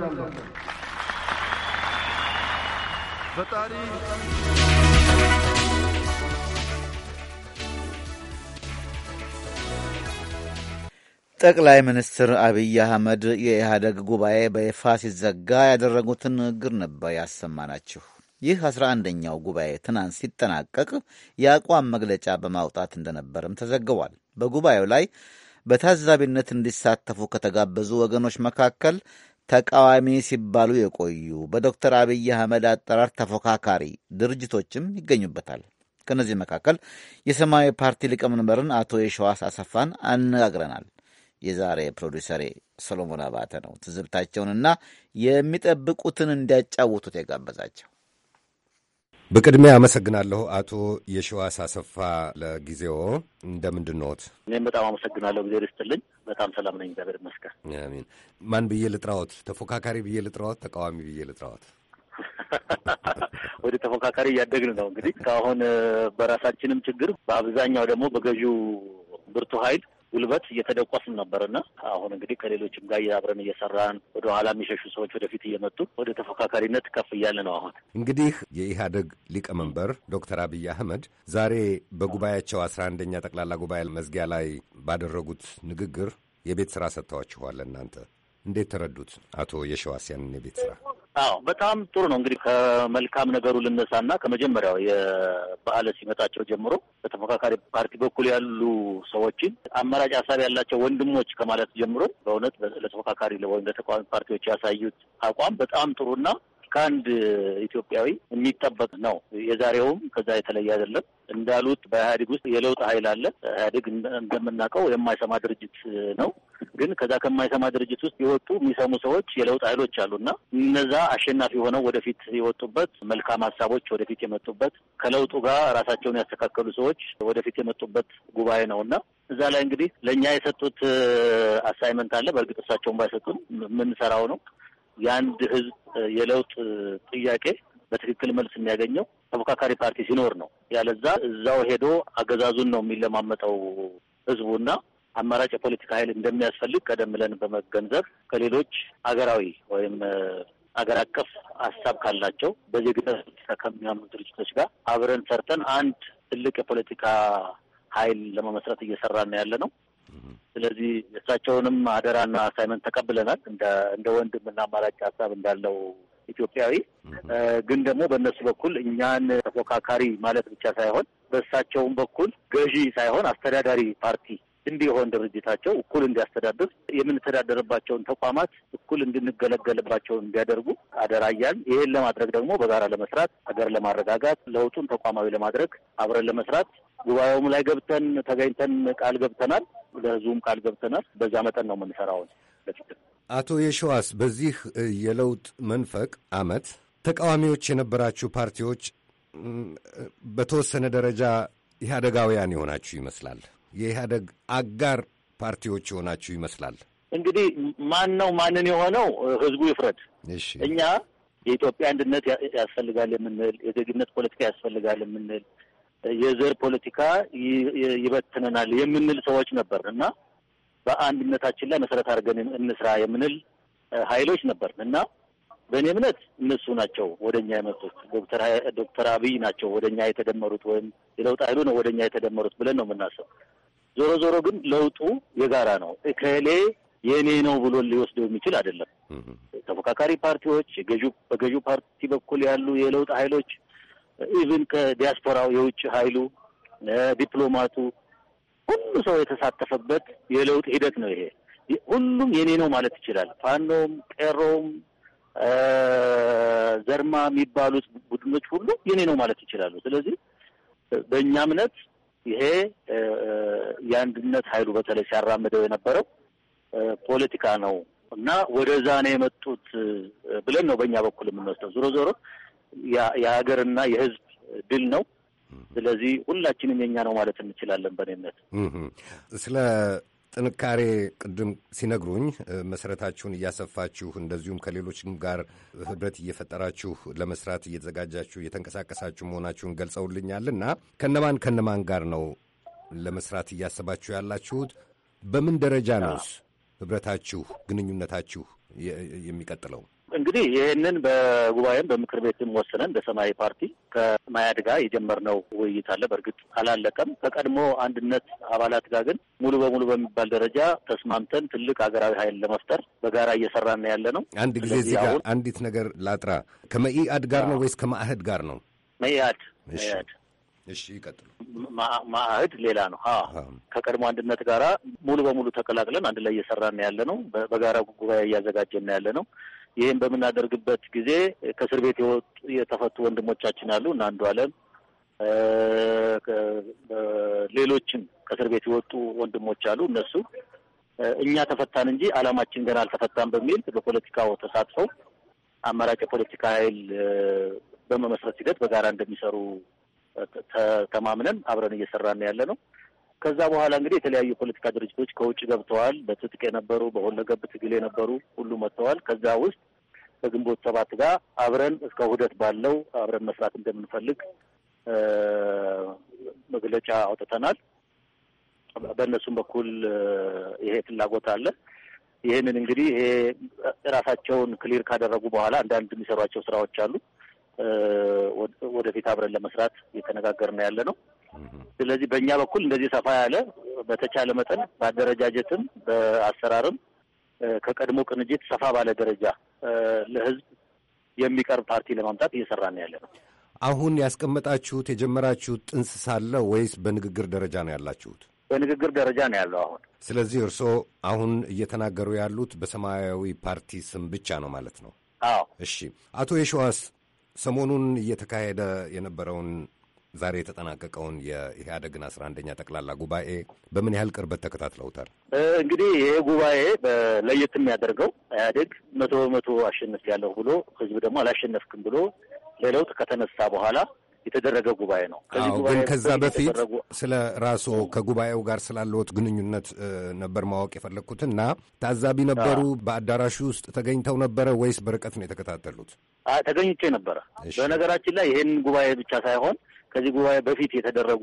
በጣሪ ጠቅላይ ሚኒስትር አብይ አህመድ የኢህአደግ ጉባኤ በይፋ ሲዘጋ ያደረጉትን ንግግር ነበር ያሰማናችሁ። ይህ አስራ አንደኛው ጉባኤ ትናንት ሲጠናቀቅ የአቋም መግለጫ በማውጣት እንደነበርም ተዘግቧል። በጉባኤው ላይ በታዛቢነት እንዲሳተፉ ከተጋበዙ ወገኖች መካከል ተቃዋሚ ሲባሉ የቆዩ በዶክተር አብይ አህመድ አጠራር ተፎካካሪ ድርጅቶችም ይገኙበታል። ከእነዚህ መካከል የሰማያዊ ፓርቲ ሊቀመንበርን አቶ የሸዋስ አሰፋን አነጋግረናል። የዛሬ ፕሮዲሰሬ ሰሎሞን አባተ ነው። ትዝብታቸውንና የሚጠብቁትን እንዲያጫውቱት የጋበዛቸው። በቅድሚያ አመሰግናለሁ አቶ የሸዋስ አሰፋ ለጊዜዎ። እንደምንድን እኔም በጣም አመሰግናለሁ። ጊዜ ይስጥልኝ። በጣም ሰላም ነኝ፣ እግዚአብሔር ይመስገን። አሜን። ማን ብዬ ልጥራዎት? ተፎካካሪ ብዬ ልጥራዎት? ተቃዋሚ ብዬ ልጥራዎት? ወደ ተፎካካሪ እያደግን ነው እንግዲህ። ከአሁን በራሳችንም ችግር፣ በአብዛኛው ደግሞ በገዢው ብርቱ ኃይል ጉልበት እየተደቆስን ነበርና አሁን እንግዲህ ከሌሎችም ጋር አብረን እየሰራን ወደኋላ የሚሸሹ ሰዎች ወደፊት እየመጡ ወደ ተፎካካሪነት ከፍ እያለ ነው። አሁን እንግዲህ የኢህአደግ ሊቀመንበር ዶክተር አብይ አህመድ ዛሬ በጉባኤያቸው አስራ አንደኛ ጠቅላላ ጉባኤ መዝጊያ ላይ ባደረጉት ንግግር የቤት ስራ ሰጥተዋችኋል። እናንተ እንዴት ተረዱት? አቶ የሸዋስያንን የቤት ስራ አዎ በጣም ጥሩ ነው። እንግዲህ ከመልካም ነገሩ ልነሳና ከመጀመሪያው የበዓለ ሲመጣቸው ጀምሮ በተፎካካሪ ፓርቲ በኩል ያሉ ሰዎችን አማራጭ ሀሳብ ያላቸው ወንድሞች ከማለት ጀምሮ በእውነት ለተፎካካሪ ወይም ለተቃዋሚ ፓርቲዎች ያሳዩት አቋም በጣም ጥሩና ከአንድ ኢትዮጵያዊ የሚጠበቅ ነው። የዛሬውም ከዛ የተለየ አይደለም። እንዳሉት በኢህአዴግ ውስጥ የለውጥ ኃይል አለ። ኢህአዴግ እንደምናውቀው የማይሰማ ድርጅት ነው። ግን ከዛ ከማይሰማ ድርጅት ውስጥ የወጡ የሚሰሙ ሰዎች የለውጥ ኃይሎች አሉና እነዛ አሸናፊ ሆነው ወደፊት የወጡበት መልካም ሀሳቦች ወደፊት የመጡበት ከለውጡ ጋር ራሳቸውን ያስተካከሉ ሰዎች ወደፊት የመጡበት ጉባኤ ነው እና እዛ ላይ እንግዲህ ለእኛ የሰጡት አሳይመንት አለ። በእርግጥ እሳቸውን ባይሰጡም የምንሰራው ነው። የአንድ ህዝብ የለውጥ ጥያቄ በትክክል መልስ የሚያገኘው ተፎካካሪ ፓርቲ ሲኖር ነው። ያለዛ እዛው ሄዶ አገዛዙን ነው የሚለማመጠው ህዝቡና አማራጭ የፖለቲካ ኃይል እንደሚያስፈልግ ቀደም ብለን በመገንዘብ ከሌሎች አገራዊ ወይም አገር አቀፍ ሀሳብ ካላቸው በዜግነት ከሚያምኑ ድርጅቶች ጋር አብረን ሰርተን አንድ ትልቅ የፖለቲካ ኃይል ለመመስረት ነው ያለ ነው። ስለዚህ የእሳቸውንም አደራና አሳይመንት ተቀብለናል እንደ ወንድም እና አማራጭ ሀሳብ እንዳለው ኢትዮጵያዊ ግን ደግሞ በእነሱ በኩል እኛን ተፎካካሪ ማለት ብቻ ሳይሆን በእሳቸውም በኩል ገዢ ሳይሆን አስተዳዳሪ ፓርቲ እንዲሆን ድርጅታቸው እኩል እንዲያስተዳድር የምንተዳደርባቸውን ተቋማት እኩል እንድንገለገልባቸው እንዲያደርጉ አደራያን። ይህን ለማድረግ ደግሞ በጋራ ለመስራት ሀገር ለማረጋጋት ለውጡን ተቋማዊ ለማድረግ አብረን ለመስራት ጉባኤውም ላይ ገብተን ተገኝተን ቃል ገብተናል። ለህዝቡም ቃል ገብተናል። በዛ መጠን ነው የምንሰራውን። አቶ የሸዋስ በዚህ የለውጥ መንፈቅ አመት ተቃዋሚዎች የነበራችሁ ፓርቲዎች በተወሰነ ደረጃ ኢህአደጋውያን የሆናችሁ ይመስላል። የኢህአደግ አጋር ፓርቲዎች የሆናችሁ ይመስላል። እንግዲህ ማን ነው ማንን የሆነው? ህዝቡ ይፍረድ። እኛ የኢትዮጵያ አንድነት ያስፈልጋል የምንል የዜግነት ፖለቲካ ያስፈልጋል የምንል የዘር ፖለቲካ ይበትነናል የምንል ሰዎች ነበር እና በአንድነታችን ላይ መሰረት አድርገን እንስራ የምንል ኃይሎች ነበር እና በእኔ እምነት እነሱ ናቸው ወደኛ የመጡት። ዶክተር ዶክተር አብይ ናቸው ወደኛ የተደመሩት ወይም የለውጥ ሀይሉ ነው ወደኛ የተደመሩት ብለን ነው የምናስብ። ዞሮ ዞሮ ግን ለውጡ የጋራ ነው። እከሌ የእኔ ነው ብሎ ሊወስደው የሚችል አይደለም። ተፎካካሪ ፓርቲዎች፣ በገዢው ፓርቲ በኩል ያሉ የለውጥ ኃይሎች ኢቭን ከዲያስፖራው የውጭ ኃይሉ ዲፕሎማቱ ሁሉ ሰው የተሳተፈበት የለውጥ ሂደት ነው። ይሄ ሁሉም የኔ ነው ማለት ይችላል። ፋኖም፣ ቄሮም፣ ዘርማ የሚባሉት ቡድኖች ሁሉ የኔ ነው ማለት ይችላሉ። ስለዚህ በእኛ እምነት ይሄ የአንድነት ኃይሉ በተለይ ሲያራምደው የነበረው ፖለቲካ ነው እና ወደዛ ነው የመጡት ብለን ነው በእኛ በኩል የምንወስደው። ዞሮ ዞሮ የሀገርና የህዝብ ድል ነው። ስለዚህ ሁላችንም የኛ ነው ማለት እንችላለን። በእኔነት ስለ ጥንካሬ ቅድም ሲነግሩኝ መሰረታችሁን እያሰፋችሁ እንደዚሁም ከሌሎችም ጋር ህብረት እየፈጠራችሁ ለመስራት እየተዘጋጃችሁ እየተንቀሳቀሳችሁ መሆናችሁን ገልጸውልኛልና ከነማን ከነማን ጋር ነው ለመስራት እያሰባችሁ ያላችሁት? በምን ደረጃ ነውስ ህብረታችሁ ግንኙነታችሁ የሚቀጥለው? እንግዲህ ይህንን በጉባኤም በምክር ቤትም ወስነን እንደ ሰማያዊ ፓርቲ ከማያድ ጋር የጀመርነው ውይይት አለ። በእርግጥ አላለቀም። ከቀድሞ አንድነት አባላት ጋር ግን ሙሉ በሙሉ በሚባል ደረጃ ተስማምተን ትልቅ ሀገራዊ ኃይል ለመፍጠር በጋራ እየሰራን ያለ ነው። አንድ ጊዜ እዚህ ጋር አንዲት ነገር ላጥራ። ከመኢአድ ጋር ነው ወይስ ከማአህድ ጋር ነው? መኢአድ መኢአድ እሺ ይቀጥሉ። ማአህድ ሌላ ነው። ከቀድሞ አንድነት ጋራ ሙሉ በሙሉ ተቀላቅለን አንድ ላይ እየሰራን ያለ ነው። በጋራ ጉባኤ እያዘጋጀን ያለ ነው። ይህን በምናደርግበት ጊዜ ከእስር ቤት የወጡ የተፈቱ ወንድሞቻችን አሉ እና አንዱ አለም ሌሎችም ከእስር ቤት የወጡ ወንድሞች አሉ። እነሱ እኛ ተፈታን እንጂ አላማችን ገና አልተፈታም በሚል በፖለቲካው ተሳትፈው አማራጭ የፖለቲካ ኃይል በመመስረት ሂደት በጋራ እንደሚሰሩ ተማምነን አብረን እየሰራን ያለ ነው። ከዛ በኋላ እንግዲህ የተለያዩ ፖለቲካ ድርጅቶች ከውጭ ገብተዋል። በትጥቅ የነበሩ በሁለገብ ትግል የነበሩ ሁሉ መጥተዋል። ከዛ ውስጥ ከግንቦት ሰባት ጋር አብረን እስከ ውህደት ባለው አብረን መስራት እንደምንፈልግ መግለጫ አውጥተናል። በእነሱም በኩል ይሄ ፍላጎት አለ። ይህንን እንግዲህ ይሄ ራሳቸውን ክሊር ካደረጉ በኋላ አንዳንድ የሚሰሯቸው ስራዎች አሉ። ወደፊት አብረን ለመስራት እየተነጋገርን ያለ ነው። ስለዚህ በእኛ በኩል እንደዚህ ሰፋ ያለ በተቻለ መጠን በአደረጃጀትም በአሰራርም ከቀድሞ ቅንጅት ሰፋ ባለ ደረጃ ለህዝብ የሚቀርብ ፓርቲ ለማምጣት እየሰራ ነው ያለ ነው። አሁን ያስቀመጣችሁት የጀመራችሁት ጥንስ ሳለ ወይስ በንግግር ደረጃ ነው ያላችሁት? በንግግር ደረጃ ነው ያለው አሁን። ስለዚህ እርስዎ አሁን እየተናገሩ ያሉት በሰማያዊ ፓርቲ ስም ብቻ ነው ማለት ነው? አዎ። እሺ። አቶ የሸዋስ ሰሞኑን እየተካሄደ የነበረውን ዛሬ የተጠናቀቀውን የኢህአዴግን አስራ አንደኛ ጠቅላላ ጉባኤ በምን ያህል ቅርበት ተከታትለውታል? እንግዲህ ይሄ ጉባኤ ለየት የሚያደርገው ኢህአደግ መቶ በመቶ አሸነፍ ያለው ብሎ ህዝብ ደግሞ አላሸነፍክም ብሎ ለለውጥ ከተነሳ በኋላ የተደረገ ጉባኤ ነው። ግን ከዛ በፊት ስለ ራስዎ ከጉባኤው ጋር ስላለዎት ግንኙነት ነበር ማወቅ የፈለግኩት እና ታዛቢ ነበሩ? በአዳራሹ ውስጥ ተገኝተው ነበረ ወይስ በርቀት ነው የተከታተሉት? ተገኝቼ ነበረ። በነገራችን ላይ ይህን ጉባኤ ብቻ ሳይሆን ከዚህ ጉባኤ በፊት የተደረጉ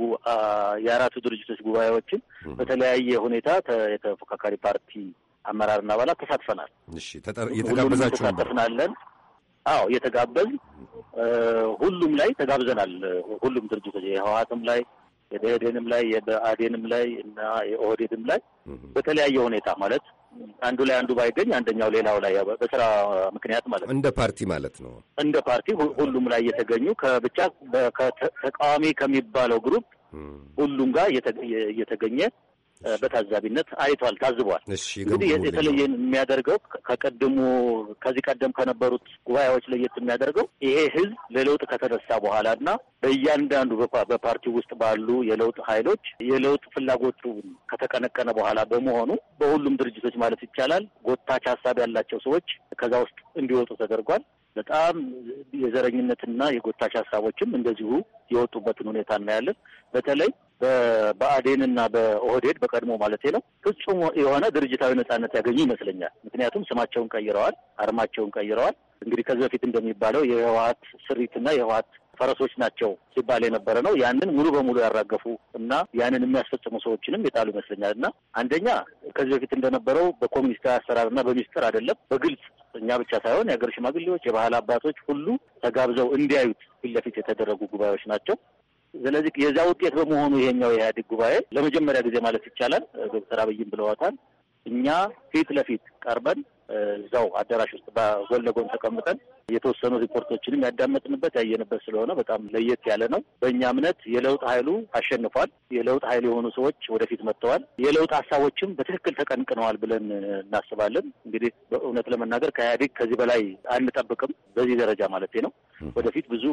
የአራቱ ድርጅቶች ጉባኤዎችን በተለያየ ሁኔታ የተፎካካሪ ፓርቲ አመራርና አባላት ተሳትፈናል። የተጋበዛችሁ ተሳተፍናለን። አዎ እየተጋበዝ ሁሉም ላይ ተጋብዘናል። ሁሉም ድርጅቶች የህወሓትም ላይ የደኢህዴንም ላይ የበአዴንም ላይ እና የኦህዴድም ላይ በተለያየ ሁኔታ ማለት አንዱ ላይ አንዱ ባይገኝ አንደኛው ሌላው ላይ በስራ ምክንያት ማለት ነው። እንደ ፓርቲ ማለት ነው። እንደ ፓርቲ ሁሉም ላይ እየተገኙ ከብቻ ተቃዋሚ ከሚባለው ግሩፕ ሁሉም ጋር እየተገኘ በታዛቢነት አይቷል፣ ታዝቧል። እንግዲህ የተለየ የሚያደርገው ከቀድሞ ከዚህ ቀደም ከነበሩት ጉባኤዎች ለየት የሚያደርገው ይሄ ህዝብ ለለውጥ ከተነሳ በኋላ እና በእያንዳንዱ በፓርቲ ውስጥ ባሉ የለውጥ ኃይሎች የለውጥ ፍላጎቱ ከተቀነቀነ በኋላ በመሆኑ በሁሉም ድርጅቶች ማለት ይቻላል ጎታች ሀሳብ ያላቸው ሰዎች ከዛ ውስጥ እንዲወጡ ተደርጓል። በጣም የዘረኝነትና የጎታች ሀሳቦችም እንደዚሁ የወጡበትን ሁኔታ እናያለን። በተለይ በብአዴንና በኦህዴድ በቀድሞ ማለት ነው ፍጹም የሆነ ድርጅታዊ ነጻነት ያገኙ ይመስለኛል። ምክንያቱም ስማቸውን ቀይረዋል፣ አርማቸውን ቀይረዋል። እንግዲህ ከዚህ በፊት እንደሚባለው የህወሀት ስሪትና የህወሀት ፈረሶች ናቸው ሲባል የነበረ ነው። ያንን ሙሉ በሙሉ ያራገፉ እና ያንን የሚያስፈጽሙ ሰዎችንም የጣሉ ይመስለኛል እና አንደኛ ከዚህ በፊት እንደነበረው በኮሚኒስታዊ አሰራር እና በሚስጥር አይደለም፣ በግልጽ እኛ ብቻ ሳይሆን የሀገር ሽማግሌዎች፣ የባህል አባቶች ሁሉ ተጋብዘው እንዲያዩት ፊት ለፊት የተደረጉ ጉባኤዎች ናቸው። ስለዚህ የዛ ውጤት በመሆኑ ይሄኛው የኢህአዴግ ጉባኤ ለመጀመሪያ ጊዜ ማለት ይቻላል ዶክተር አብይም ብለዋታል እኛ ፊት ለፊት ቀርበን እዛው አዳራሽ ውስጥ በጎን ለጎን ተቀምጠን የተወሰኑ ሪፖርቶችንም ያዳመጥንበት ያየንበት ስለሆነ በጣም ለየት ያለ ነው። በእኛ እምነት የለውጥ ኃይሉ አሸንፏል። የለውጥ ኃይል የሆኑ ሰዎች ወደፊት መጥተዋል። የለውጥ ሀሳቦችም በትክክል ተቀንቅነዋል ብለን እናስባለን። እንግዲህ በእውነት ለመናገር ከኢህአዴግ ከዚህ በላይ አንጠብቅም። በዚህ ደረጃ ማለት ነው። ወደፊት ብዙ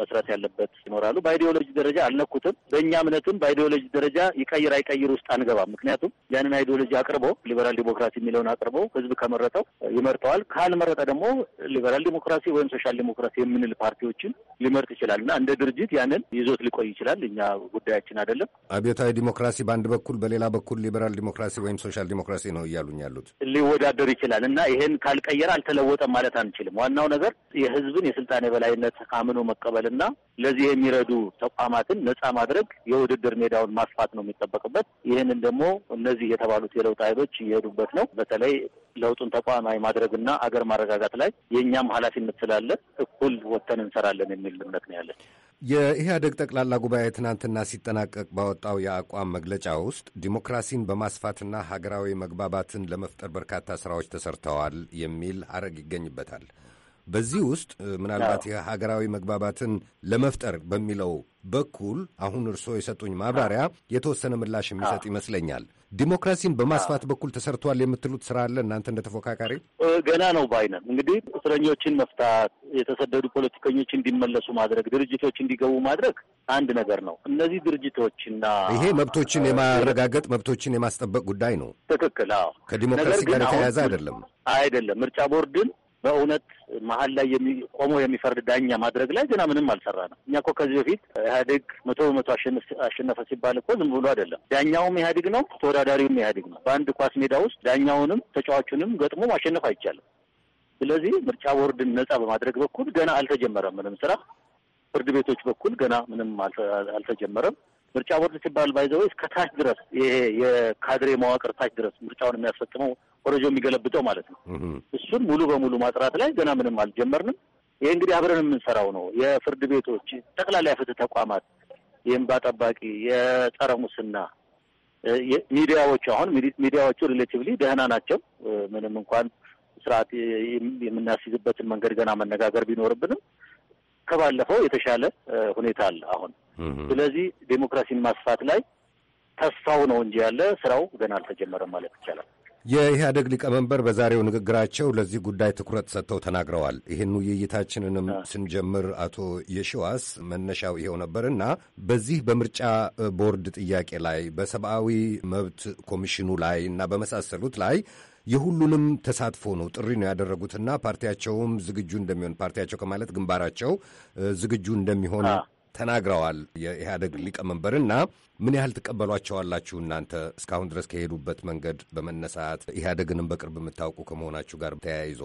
መስራት ያለበት ይኖራሉ። በአይዲዮሎጂ ደረጃ አልነኩትም። በእኛ እምነትም በአይዲዮሎጂ ደረጃ ይቀይር አይቀይር ውስጥ አንገባም። ምክንያቱም ያንን አይዲዮሎጂ አቅርቦ ሊበራል ዲሞክራሲ የሚለውን አቅርቦ ህዝብ ከመ የመረጠው ይመርጠዋል፣ ካልመረጠ ደግሞ ሊበራል ዲሞክራሲ ወይም ሶሻል ዲሞክራሲ የምንል ፓርቲዎችን ሊመርጥ ይችላል እና እንደ ድርጅት ያንን ይዞት ሊቆይ ይችላል። እኛ ጉዳያችን አይደለም። አብዮታዊ ዲሞክራሲ በአንድ በኩል፣ በሌላ በኩል ሊበራል ዲሞክራሲ ወይም ሶሻል ዲሞክራሲ ነው እያሉኝ ያሉት ሊወዳደር ይችላል እና ይሄን ካልቀየረ አልተለወጠም ማለት አንችልም። ዋናው ነገር የህዝብን የስልጣን የበላይነት አምኖ መቀበል እና ለዚህ የሚረዱ ተቋማትን ነጻ ማድረግ የውድድር ሜዳውን ማስፋት ነው የሚጠበቅበት። ይህንን ደግሞ እነዚህ የተባሉት የለውጥ ኃይሎች እየሄዱበት ነው። በተለይ ለውጡ ለውጡን ተቋማዊ ማድረግና አገር ማረጋጋት ላይ የእኛም ኃላፊነት ስላለ እኩል ወጥተን እንሰራለን የሚል እምነት ነው ያለን። የኢህአደግ ጠቅላላ ጉባኤ ትናንትና ሲጠናቀቅ ባወጣው የአቋም መግለጫ ውስጥ ዲሞክራሲን በማስፋትና ሀገራዊ መግባባትን ለመፍጠር በርካታ ስራዎች ተሰርተዋል የሚል አረግ ይገኝበታል። በዚህ ውስጥ ምናልባት የሀገራዊ መግባባትን ለመፍጠር በሚለው በኩል አሁን እርስዎ የሰጡኝ ማብራሪያ የተወሰነ ምላሽ የሚሰጥ ይመስለኛል። ዲሞክራሲን በማስፋት በኩል ተሰርቷል የምትሉት ስራ አለ እናንተ እንደ ተፎካካሪ? ገና ነው ባይነን እንግዲህ እስረኞችን መፍታት፣ የተሰደዱ ፖለቲከኞች እንዲመለሱ ማድረግ፣ ድርጅቶች እንዲገቡ ማድረግ አንድ ነገር ነው። እነዚህ ድርጅቶችና ይሄ መብቶችን የማረጋገጥ መብቶችን የማስጠበቅ ጉዳይ ነው። ትክክል። አዎ ከዲሞክራሲ ጋር የተያያዘ አይደለም አይደለም። ምርጫ ቦርድን በእውነት መሀል ላይ ቆሞ የሚፈርድ ዳኛ ማድረግ ላይ ገና ምንም አልሰራ ነው። እኛ እኮ ከዚህ በፊት ኢህአዴግ መቶ በመቶ አሸነፈ ሲባል እኮ ዝም ብሎ አይደለም። ዳኛውም ኢህአዴግ ነው፣ ተወዳዳሪውም ኢህአዴግ ነው። በአንድ ኳስ ሜዳ ውስጥ ዳኛውንም ተጫዋቹንም ገጥሞ ማሸነፍ አይቻልም። ስለዚህ ምርጫ ቦርድን ነጻ በማድረግ በኩል ገና አልተጀመረም ምንም ስራ። ፍርድ ቤቶች በኩል ገና ምንም አልተጀመረም። ምርጫ ቦርድ ሲባል ባይዘው እስከ ታች ድረስ ይሄ የካድሬ መዋቅር ታች ድረስ ምርጫውን የሚያስፈጽመው ኮረጆ የሚገለብጠው ማለት ነው። እሱን ሙሉ በሙሉ ማጥራት ላይ ገና ምንም አልጀመርንም። ይህ እንግዲህ አብረን የምንሰራው ነው። የፍርድ ቤቶች፣ ጠቅላላ የፍትህ ተቋማት፣ የእንባ ጠባቂ፣ የጸረ ሙስና፣ ሚዲያዎቹ አሁን ሚዲያዎቹ ሪሌቲቭሊ ደህና ናቸው። ምንም እንኳን ስርዓት የምናስይዝበትን መንገድ ገና መነጋገር ቢኖርብንም ከባለፈው የተሻለ ሁኔታ አለ አሁን። ስለዚህ ዴሞክራሲን ማስፋት ላይ ተስፋው ነው እንጂ ያለ ስራው ገና አልተጀመረም ማለት ይቻላል። የኢህአደግ ሊቀመንበር በዛሬው ንግግራቸው ለዚህ ጉዳይ ትኩረት ሰጥተው ተናግረዋል። ይህን ውይይታችንንም ስንጀምር አቶ የሺዋስ መነሻው ይኸው ነበርና በዚህ በምርጫ ቦርድ ጥያቄ ላይ በሰብአዊ መብት ኮሚሽኑ ላይ እና በመሳሰሉት ላይ የሁሉንም ተሳትፎ ነው ጥሪ ነው ያደረጉትና ፓርቲያቸውም ዝግጁ እንደሚሆን ፓርቲያቸው ከማለት ግንባራቸው ዝግጁ እንደሚሆን ተናግረዋል። የኢህአደግ ሊቀመንበር ምን ያህል ትቀበሏቸዋላችሁ እናንተ እስካሁን ድረስ ከሄዱበት መንገድ በመነሳት ኢህአደግንም በቅርብ የምታውቁ ከመሆናችሁ ጋር ተያይዞ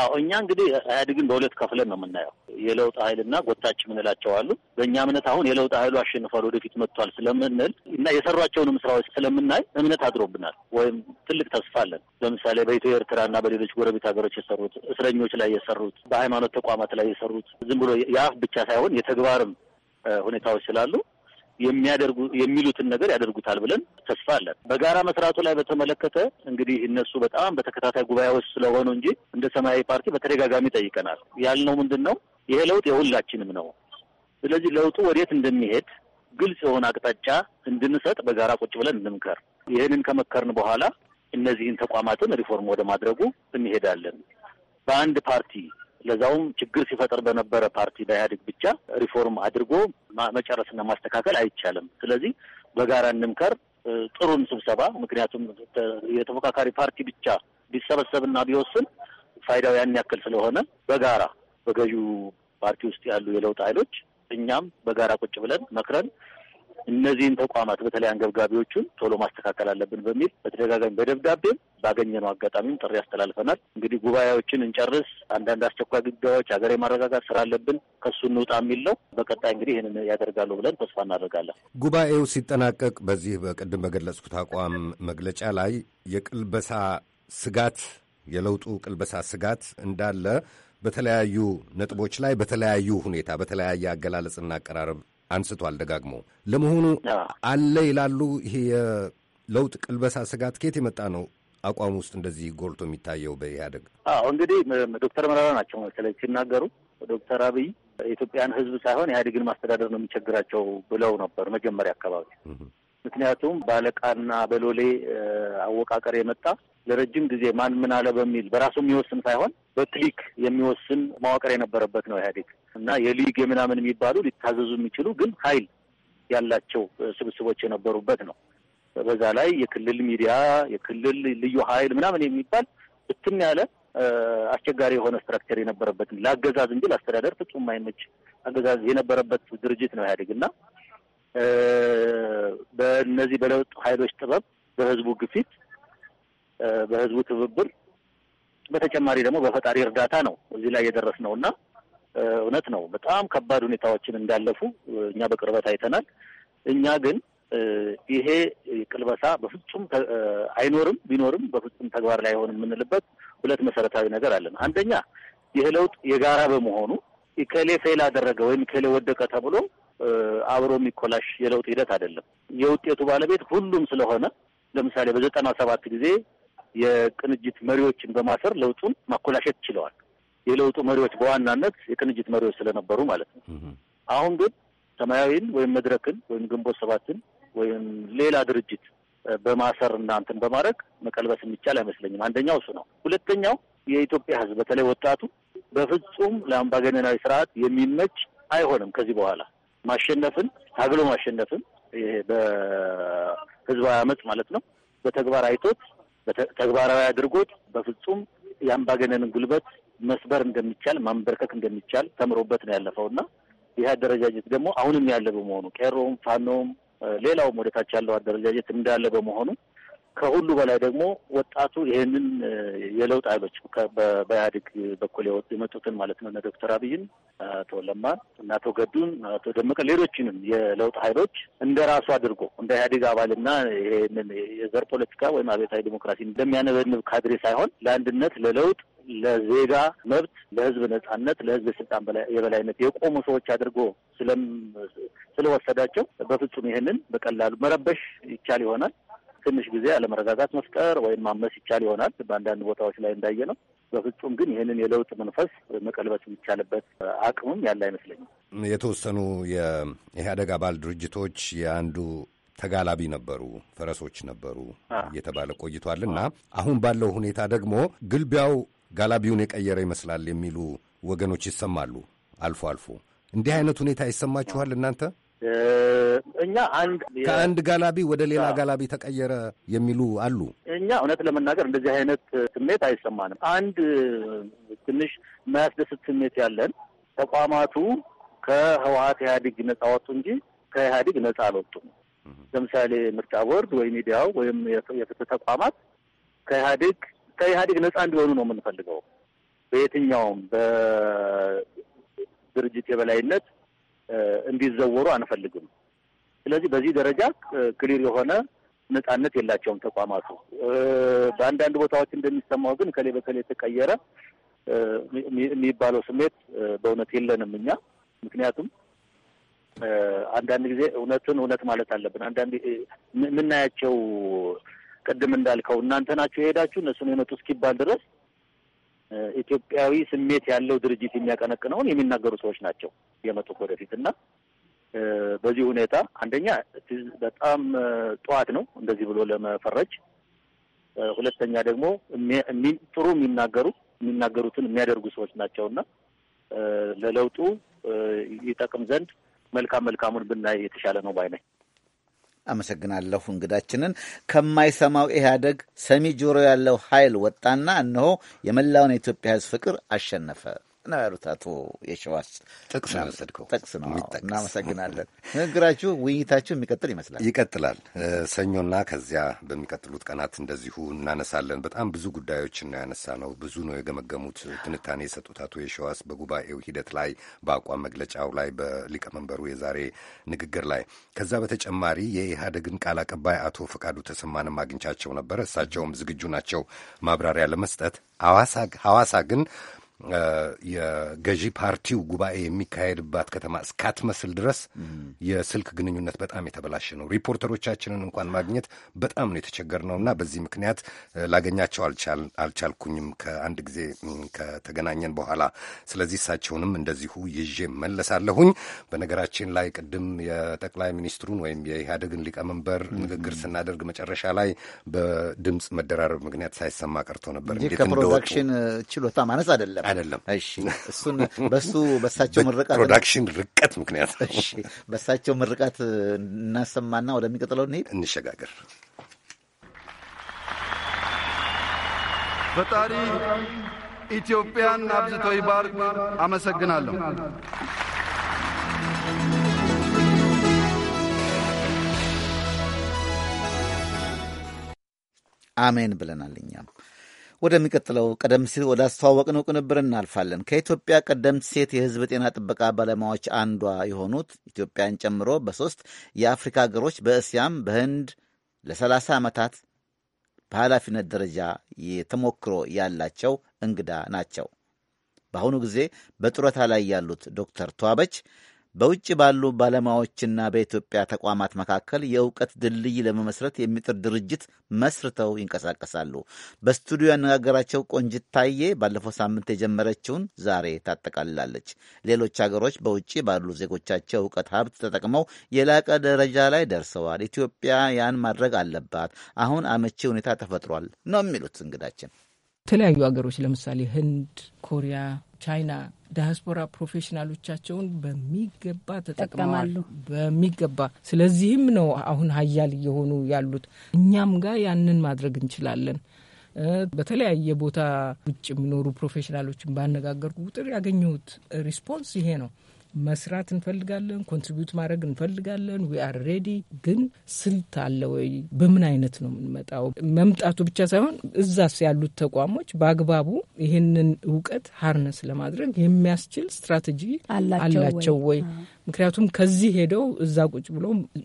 አዎ እኛ እንግዲህ ኢህአዴግን በሁለት ከፍለን ነው የምናየው። የለውጥ ኃይልና ጎታች ምንላቸው አሉ። በእኛ እምነት አሁን የለውጥ ኃይሉ አሸንፏል፣ ወደፊት መጥቷል ስለምንል እና የሰሯቸውንም ስራዎች ስለምናይ እምነት አድሮብናል ወይም ትልቅ ተስፋ አለን። ለምሳሌ በኢትዮ ኤርትራና በሌሎች ጎረቤት ሀገሮች የሰሩት እስረኞች ላይ የሰሩት በሃይማኖት ተቋማት ላይ የሰሩት ዝም ብሎ የአፍ ብቻ ሳይሆን የተግባርም ሁኔታዎች ስላሉ የሚያደርጉ የሚሉትን ነገር ያደርጉታል ብለን ተስፋ አለን። በጋራ መስራቱ ላይ በተመለከተ እንግዲህ እነሱ በጣም በተከታታይ ጉባኤዎች ስለሆኑ እንጂ እንደ ሰማያዊ ፓርቲ በተደጋጋሚ ጠይቀናል። ያልነው ምንድን ነው? ይሄ ለውጥ የሁላችንም ነው። ስለዚህ ለውጡ ወዴት እንደሚሄድ ግልጽ የሆነ አቅጣጫ እንድንሰጥ በጋራ ቁጭ ብለን እንምከር። ይህንን ከመከርን በኋላ እነዚህን ተቋማትን ሪፎርም ወደ ማድረጉ እንሄዳለን። በአንድ ፓርቲ ለዛውም ችግር ሲፈጠር በነበረ ፓርቲ በኢህአዴግ ብቻ ሪፎርም አድርጎ መጨረስና ማስተካከል አይቻልም። ስለዚህ በጋራ እንምከር፣ ጥሩን ስብሰባ። ምክንያቱም የተፎካካሪ ፓርቲ ብቻ ቢሰበሰብና ቢወስን ፋይዳው ያን ያክል ስለሆነ በጋራ በገዢው ፓርቲ ውስጥ ያሉ የለውጥ ኃይሎች እኛም በጋራ ቁጭ ብለን መክረን እነዚህን ተቋማት በተለይ አንገብጋቢዎቹን ቶሎ ማስተካከል አለብን በሚል በተደጋጋሚ በደብዳቤም ባገኘነው አጋጣሚም ጥሪ ያስተላልፈናል። እንግዲህ ጉባኤዎችን እንጨርስ፣ አንዳንድ አስቸኳይ ጉዳዮች፣ ሀገር የማረጋጋት ስራ አለብን፣ ከሱ እንውጣ የሚል ነው። በቀጣይ እንግዲህ ይህንን ያደርጋሉ ብለን ተስፋ እናደርጋለን። ጉባኤው ሲጠናቀቅ በዚህ በቅድም በገለጽኩት አቋም መግለጫ ላይ የቅልበሳ ስጋት የለውጡ ቅልበሳ ስጋት እንዳለ በተለያዩ ነጥቦች ላይ በተለያዩ ሁኔታ በተለያየ አገላለጽና አቀራረብ አንስቷል ደጋግሞ። ለመሆኑ አለ ይላሉ ይሄ የለውጥ ቅልበሳ ስጋት ከየት የመጣ ነው? አቋም ውስጥ እንደዚህ ጎልቶ የሚታየው በኢህአደግ? አዎ እንግዲህ ዶክተር መረራ ናቸው መሰለኝ ሲናገሩ ዶክተር አብይ የኢትዮጵያን ህዝብ ሳይሆን ኢህአዴግን ማስተዳደር ነው የሚቸግራቸው ብለው ነበር መጀመሪያ አካባቢ። ምክንያቱም ባለቃና በሎሌ አወቃቀር የመጣ ለረጅም ጊዜ ማን ምን አለ በሚል በራሱ የሚወስን ሳይሆን በክሊክ የሚወስን መዋቅር የነበረበት ነው ኢህአዴግ እና የሊግ የምናምን የሚባሉ ሊታዘዙ የሚችሉ ግን ኃይል ያላቸው ስብስቦች የነበሩበት ነው። በዛ ላይ የክልል ሚዲያ፣ የክልል ልዩ ኃይል ምናምን የሚባል ብትን ያለ አስቸጋሪ የሆነ ስትራክቸር የነበረበት ለአገዛዝ እንጂ ለአስተዳደር ፍጹም ማይመች አገዛዝ የነበረበት ድርጅት ነው ኢህአዴግ እና በእነዚህ በለውጥ ኃይሎች ጥበብ በህዝቡ ግፊት በህዝቡ ትብብር፣ በተጨማሪ ደግሞ በፈጣሪ እርዳታ ነው እዚህ ላይ የደረስነው እና እውነት ነው በጣም ከባድ ሁኔታዎችን እንዳለፉ እኛ በቅርበት አይተናል። እኛ ግን ይሄ ቅልበሳ በፍጹም አይኖርም፣ ቢኖርም በፍጹም ተግባር ላይ አይሆንም የምንልበት ሁለት መሰረታዊ ነገር አለን። አንደኛ ይህ ለውጥ የጋራ በመሆኑ ከሌ ፌል አደረገ ወይም እከሌ ወደቀ ተብሎ አብሮ የሚኮላሽ የለውጥ ሂደት አይደለም። የውጤቱ ባለቤት ሁሉም ስለሆነ ለምሳሌ በዘጠና ሰባት ጊዜ የቅንጅት መሪዎችን በማሰር ለውጡን ማኮላሸት ችለዋል። የለውጡ መሪዎች በዋናነት የቅንጅት መሪዎች ስለነበሩ ማለት ነው። አሁን ግን ሰማያዊን ወይም መድረክን ወይም ግንቦት ሰባትን ወይም ሌላ ድርጅት በማሰር እና እንትን በማድረግ መቀልበስ የሚቻል አይመስለኝም። አንደኛው እሱ ነው። ሁለተኛው የኢትዮጵያ ሕዝብ በተለይ ወጣቱ በፍጹም ለአምባገነናዊ ስርዓት የሚመች አይሆንም። ከዚህ በኋላ ማሸነፍን ታግሎ ማሸነፍን ይሄ በህዝባዊ አመፅ ማለት ነው በተግባር አይቶት ተግባራዊ አድርጎት በፍጹም የአምባገነንን ጉልበት መስበር እንደሚቻል ማንበርከክ እንደሚቻል ተምሮበት ነው ያለፈው እና ይህ አደረጃጀት ደግሞ አሁንም ያለ በመሆኑ ቄሮም፣ ፋኖም፣ ሌላውም ወደታች ያለው አደረጃጀት እንዳለ በመሆኑ ከሁሉ በላይ ደግሞ ወጣቱ ይሄንን የለውጥ ኃይሎች በኢህአዴግ በኩል የመጡትን ማለት ነው እነ ዶክተር አብይን፣ አቶ ለማን እና አቶ ገዱን፣ አቶ ደመቀ ሌሎችንም የለውጥ ኃይሎች እንደ ራሱ አድርጎ እንደ ኢህአዴግ አባልና ይሄንን የዘር ፖለቲካ ወይም አብዮታዊ ዲሞክራሲ እንደሚያነበንብ ካድሬ ሳይሆን ለአንድነት ለለውጥ ለዜጋ መብት ለህዝብ ነጻነት ለህዝብ የስልጣን የበላይነት የቆሙ ሰዎች አድርጎ ስለም ስለወሰዳቸው በፍጹም ይህንን በቀላሉ መረበሽ ይቻል ይሆናል። ትንሽ ጊዜ አለመረጋጋት መፍጠር ወይም ማመስ ይቻል ይሆናል በአንዳንድ ቦታዎች ላይ እንዳየ ነው። በፍጹም ግን ይህንን የለውጥ መንፈስ መቀልበስ የሚቻልበት አቅምም ያለ አይመስለኝም። የተወሰኑ የኢህአደግ አባል ድርጅቶች የአንዱ ተጋላቢ ነበሩ፣ ፈረሶች ነበሩ እየተባለ ቆይቷል እና አሁን ባለው ሁኔታ ደግሞ ግልቢያው ጋላቢውን የቀየረ ይመስላል የሚሉ ወገኖች ይሰማሉ አልፎ አልፎ። እንዲህ አይነት ሁኔታ ይሰማችኋል እናንተ? እኛ አንድ ከአንድ ጋላቢ ወደ ሌላ ጋላቢ ተቀየረ የሚሉ አሉ። እኛ እውነት ለመናገር እንደዚህ አይነት ስሜት አይሰማንም። አንድ ትንሽ የማያስደስት ስሜት ያለን ተቋማቱ ከህወሀት ኢህአዴግ ነጻ ወጡ እንጂ ከኢህአዴግ ነጻ አልወጡም። ለምሳሌ ምርጫ ቦርድ ወይ ሚዲያው ወይም የፍትህ ተቋማት ከኢህአዴግ ከኢህአዴግ ነጻ እንዲሆኑ ነው የምንፈልገው። በየትኛውም በድርጅት የበላይነት እንዲዘወሩ አንፈልግም። ስለዚህ በዚህ ደረጃ ክሊር የሆነ ነጻነት የላቸውም ተቋማቱ። በአንዳንድ ቦታዎች እንደሚሰማው ግን ከሌ በከሌ የተቀየረ የሚባለው ስሜት በእውነት የለንም እኛ። ምክንያቱም አንዳንድ ጊዜ እውነቱን እውነት ማለት አለብን። አንዳንድ የምናያቸው ቅድም እንዳልከው እናንተ ናቸው የሄዳችሁ እነሱን የመጡ እስኪባል ድረስ ኢትዮጵያዊ ስሜት ያለው ድርጅት የሚያቀነቅነውን የሚናገሩ ሰዎች ናቸው የመጡት ወደፊት እና በዚህ ሁኔታ አንደኛ በጣም ጠዋት ነው እንደዚህ ብሎ ለመፈረጅ። ሁለተኛ ደግሞ ጥሩ የሚናገሩ የሚናገሩትን የሚያደርጉ ሰዎች ናቸውና ለለውጡ ይጠቅም ዘንድ መልካም መልካሙን ብናይ የተሻለ ነው ባይ ነኝ። አመሰግናለሁ እንግዳችንን። ከማይሰማው ኢህአደግ ሰሚ ጆሮ ያለው ኃይል ወጣና እነሆ የመላውን የኢትዮጵያ ሕዝብ ፍቅር አሸነፈ። ነው ያሉት አቶ የሸዋስ ጥቅስ ነው ጥቅስ ነው። እናመሰግናለን። ንግግራችሁ፣ ውይይታችሁ የሚቀጥል ይመስላል። ይቀጥላል። ሰኞና ከዚያ በሚቀጥሉት ቀናት እንደዚሁ እናነሳለን። በጣም ብዙ ጉዳዮችን ነው ያነሳ ነው። ብዙ ነው የገመገሙት፣ ትንታኔ የሰጡት አቶ የሸዋስ በጉባኤው ሂደት ላይ፣ በአቋም መግለጫው ላይ፣ በሊቀመንበሩ የዛሬ ንግግር ላይ። ከዛ በተጨማሪ የኢህአደግን ቃል አቀባይ አቶ ፈቃዱ ተሰማንም አግኝቻቸው ነበር። እሳቸውም ዝግጁ ናቸው ማብራሪያ ለመስጠት ሐዋሳ ግን የገዢ ፓርቲው ጉባኤ የሚካሄድባት ከተማ እስካትመስል ድረስ የስልክ ግንኙነት በጣም የተበላሸ ነው። ሪፖርተሮቻችንን እንኳን ማግኘት በጣም ነው ነው እና በዚህ ምክንያት ላገኛቸው አልቻልኩኝም ከአንድ ጊዜ ከተገናኘን በኋላ። ስለዚህ እሳቸውንም እንደዚሁ ይዤ መለሳለሁኝ። በነገራችን ላይ ቅድም የጠቅላይ ሚኒስትሩን ወይም የኢህአደግን ሊቀመንበር ንግግር ስናደርግ መጨረሻ ላይ በድምፅ መደራረብ ምክንያት ሳይሰማ ቀርቶ ነበር። እንዴት ችሎታ ማነስ አይደለም አይደለም። እሺ፣ እሱን በሱ በሳቸው ምርቃት ፕሮዳክሽን ርቀት ምክንያት እሺ፣ በሳቸው ምርቃት እናሰማና ወደሚቀጥለው እንሄድ እንሸጋገር። ፈጣሪ ኢትዮጵያን አብዝቶ ይባርክ። አመሰግናለሁ። አሜን ብለናል እኛም። ወደሚቀጥለው ቀደም ሲል ወደ አስተዋወቅነው ቅንብር እናልፋለን። ከኢትዮጵያ ቀደምት ሴት የህዝብ ጤና ጥበቃ ባለሙያዎች አንዷ የሆኑት ኢትዮጵያን ጨምሮ በሶስት የአፍሪካ ሀገሮች በእስያም በህንድ ለ30 ዓመታት በኃላፊነት ደረጃ የተሞክሮ ያላቸው እንግዳ ናቸው። በአሁኑ ጊዜ በጡረታ ላይ ያሉት ዶክተር ተዋበች በውጭ ባሉ ባለሙያዎችና በኢትዮጵያ ተቋማት መካከል የእውቀት ድልድይ ለመመስረት የሚጥር ድርጅት መስርተው ይንቀሳቀሳሉ። በስቱዲዮ ያነጋገራቸው ቆንጅት ታዬ ባለፈው ሳምንት የጀመረችውን ዛሬ ታጠቃልላለች። ሌሎች ሀገሮች በውጭ ባሉ ዜጎቻቸው እውቀት ሀብት ተጠቅመው የላቀ ደረጃ ላይ ደርሰዋል፣ ኢትዮጵያ ያን ማድረግ አለባት፣ አሁን አመቺ ሁኔታ ተፈጥሯል ነው የሚሉት እንግዳችን። የተለያዩ ሀገሮች ለምሳሌ ህንድ፣ ኮሪያ ቻይና ዳያስፖራ ፕሮፌሽናሎቻቸውን በሚገባ ተጠቅመዋል፣ በሚገባ ስለዚህም ነው አሁን ሀያል እየሆኑ ያሉት። እኛም ጋር ያንን ማድረግ እንችላለን። በተለያየ ቦታ ውጭ የሚኖሩ ፕሮፌሽናሎችን ባነጋገርኩ ቁጥር ያገኘሁት ሪስፖንስ ይሄ ነው። መስራት እንፈልጋለን፣ ኮንትሪቢዩት ማድረግ እንፈልጋለን። ዊ አር ሬዲ። ግን ስልት አለ ወይ? በምን አይነት ነው የምንመጣው? መምጣቱ ብቻ ሳይሆን እዛስ ያሉት ተቋሞች በአግባቡ ይህንን እውቀት ሀርነስ ለማድረግ የሚያስችል ስትራቴጂ አላቸው ወይ? ምክንያቱም ከዚህ ሄደው እዛ ቁጭ ብሎ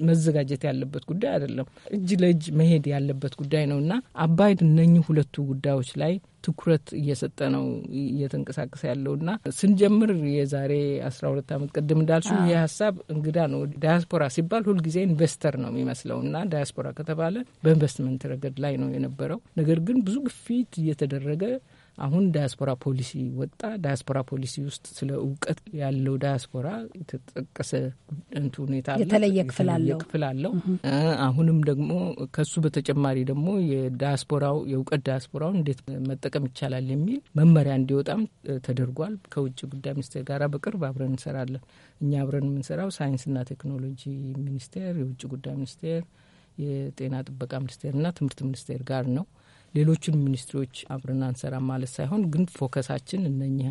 መዘጋጀት ያለበት ጉዳይ አይደለም፣ እጅ ለእጅ መሄድ ያለበት ጉዳይ ነው እና አባይድ እነኚህ ሁለቱ ጉዳዮች ላይ ትኩረት እየሰጠ ነው እየተንቀሳቀሰ ያለው እና ስንጀምር የዛሬ አስራ ሁለት ዓመት ቅድም እንዳልሱ ይህ ሀሳብ እንግዳ ነው። ዳያስፖራ ሲባል ሁልጊዜ ኢንቨስተር ነው የሚመስለው እና ዳያስፖራ ከተባለ በኢንቨስትመንት ረገድ ላይ ነው የነበረው ነገር ግን ብዙ ግፊት እየተደረገ አሁን ዳያስፖራ ፖሊሲ ወጣ። ዳያስፖራ ፖሊሲ ውስጥ ስለ እውቀት ያለው ዳያስፖራ የተጠቀሰ እንት ሁኔታ የተለየ ክፍል አለው። አሁንም ደግሞ ከሱ በተጨማሪ ደግሞ የዳያስፖራው የእውቀት ዳያስፖራውን እንዴት መጠቀም ይቻላል የሚል መመሪያ እንዲወጣም ተደርጓል። ከውጭ ጉዳይ ሚኒስቴር ጋር በቅርብ አብረን እንሰራለን። እኛ አብረን የምንሰራው ሳይንስና ቴክኖሎጂ ሚኒስቴር፣ የውጭ ጉዳይ ሚኒስቴር፣ የጤና ጥበቃ ሚኒስቴርና ትምህርት ሚኒስቴር ጋር ነው። ሌሎችን ሚኒስትሮች አብረን አንሰራ ማለት ሳይሆን ግን ፎከሳችን እነኚህ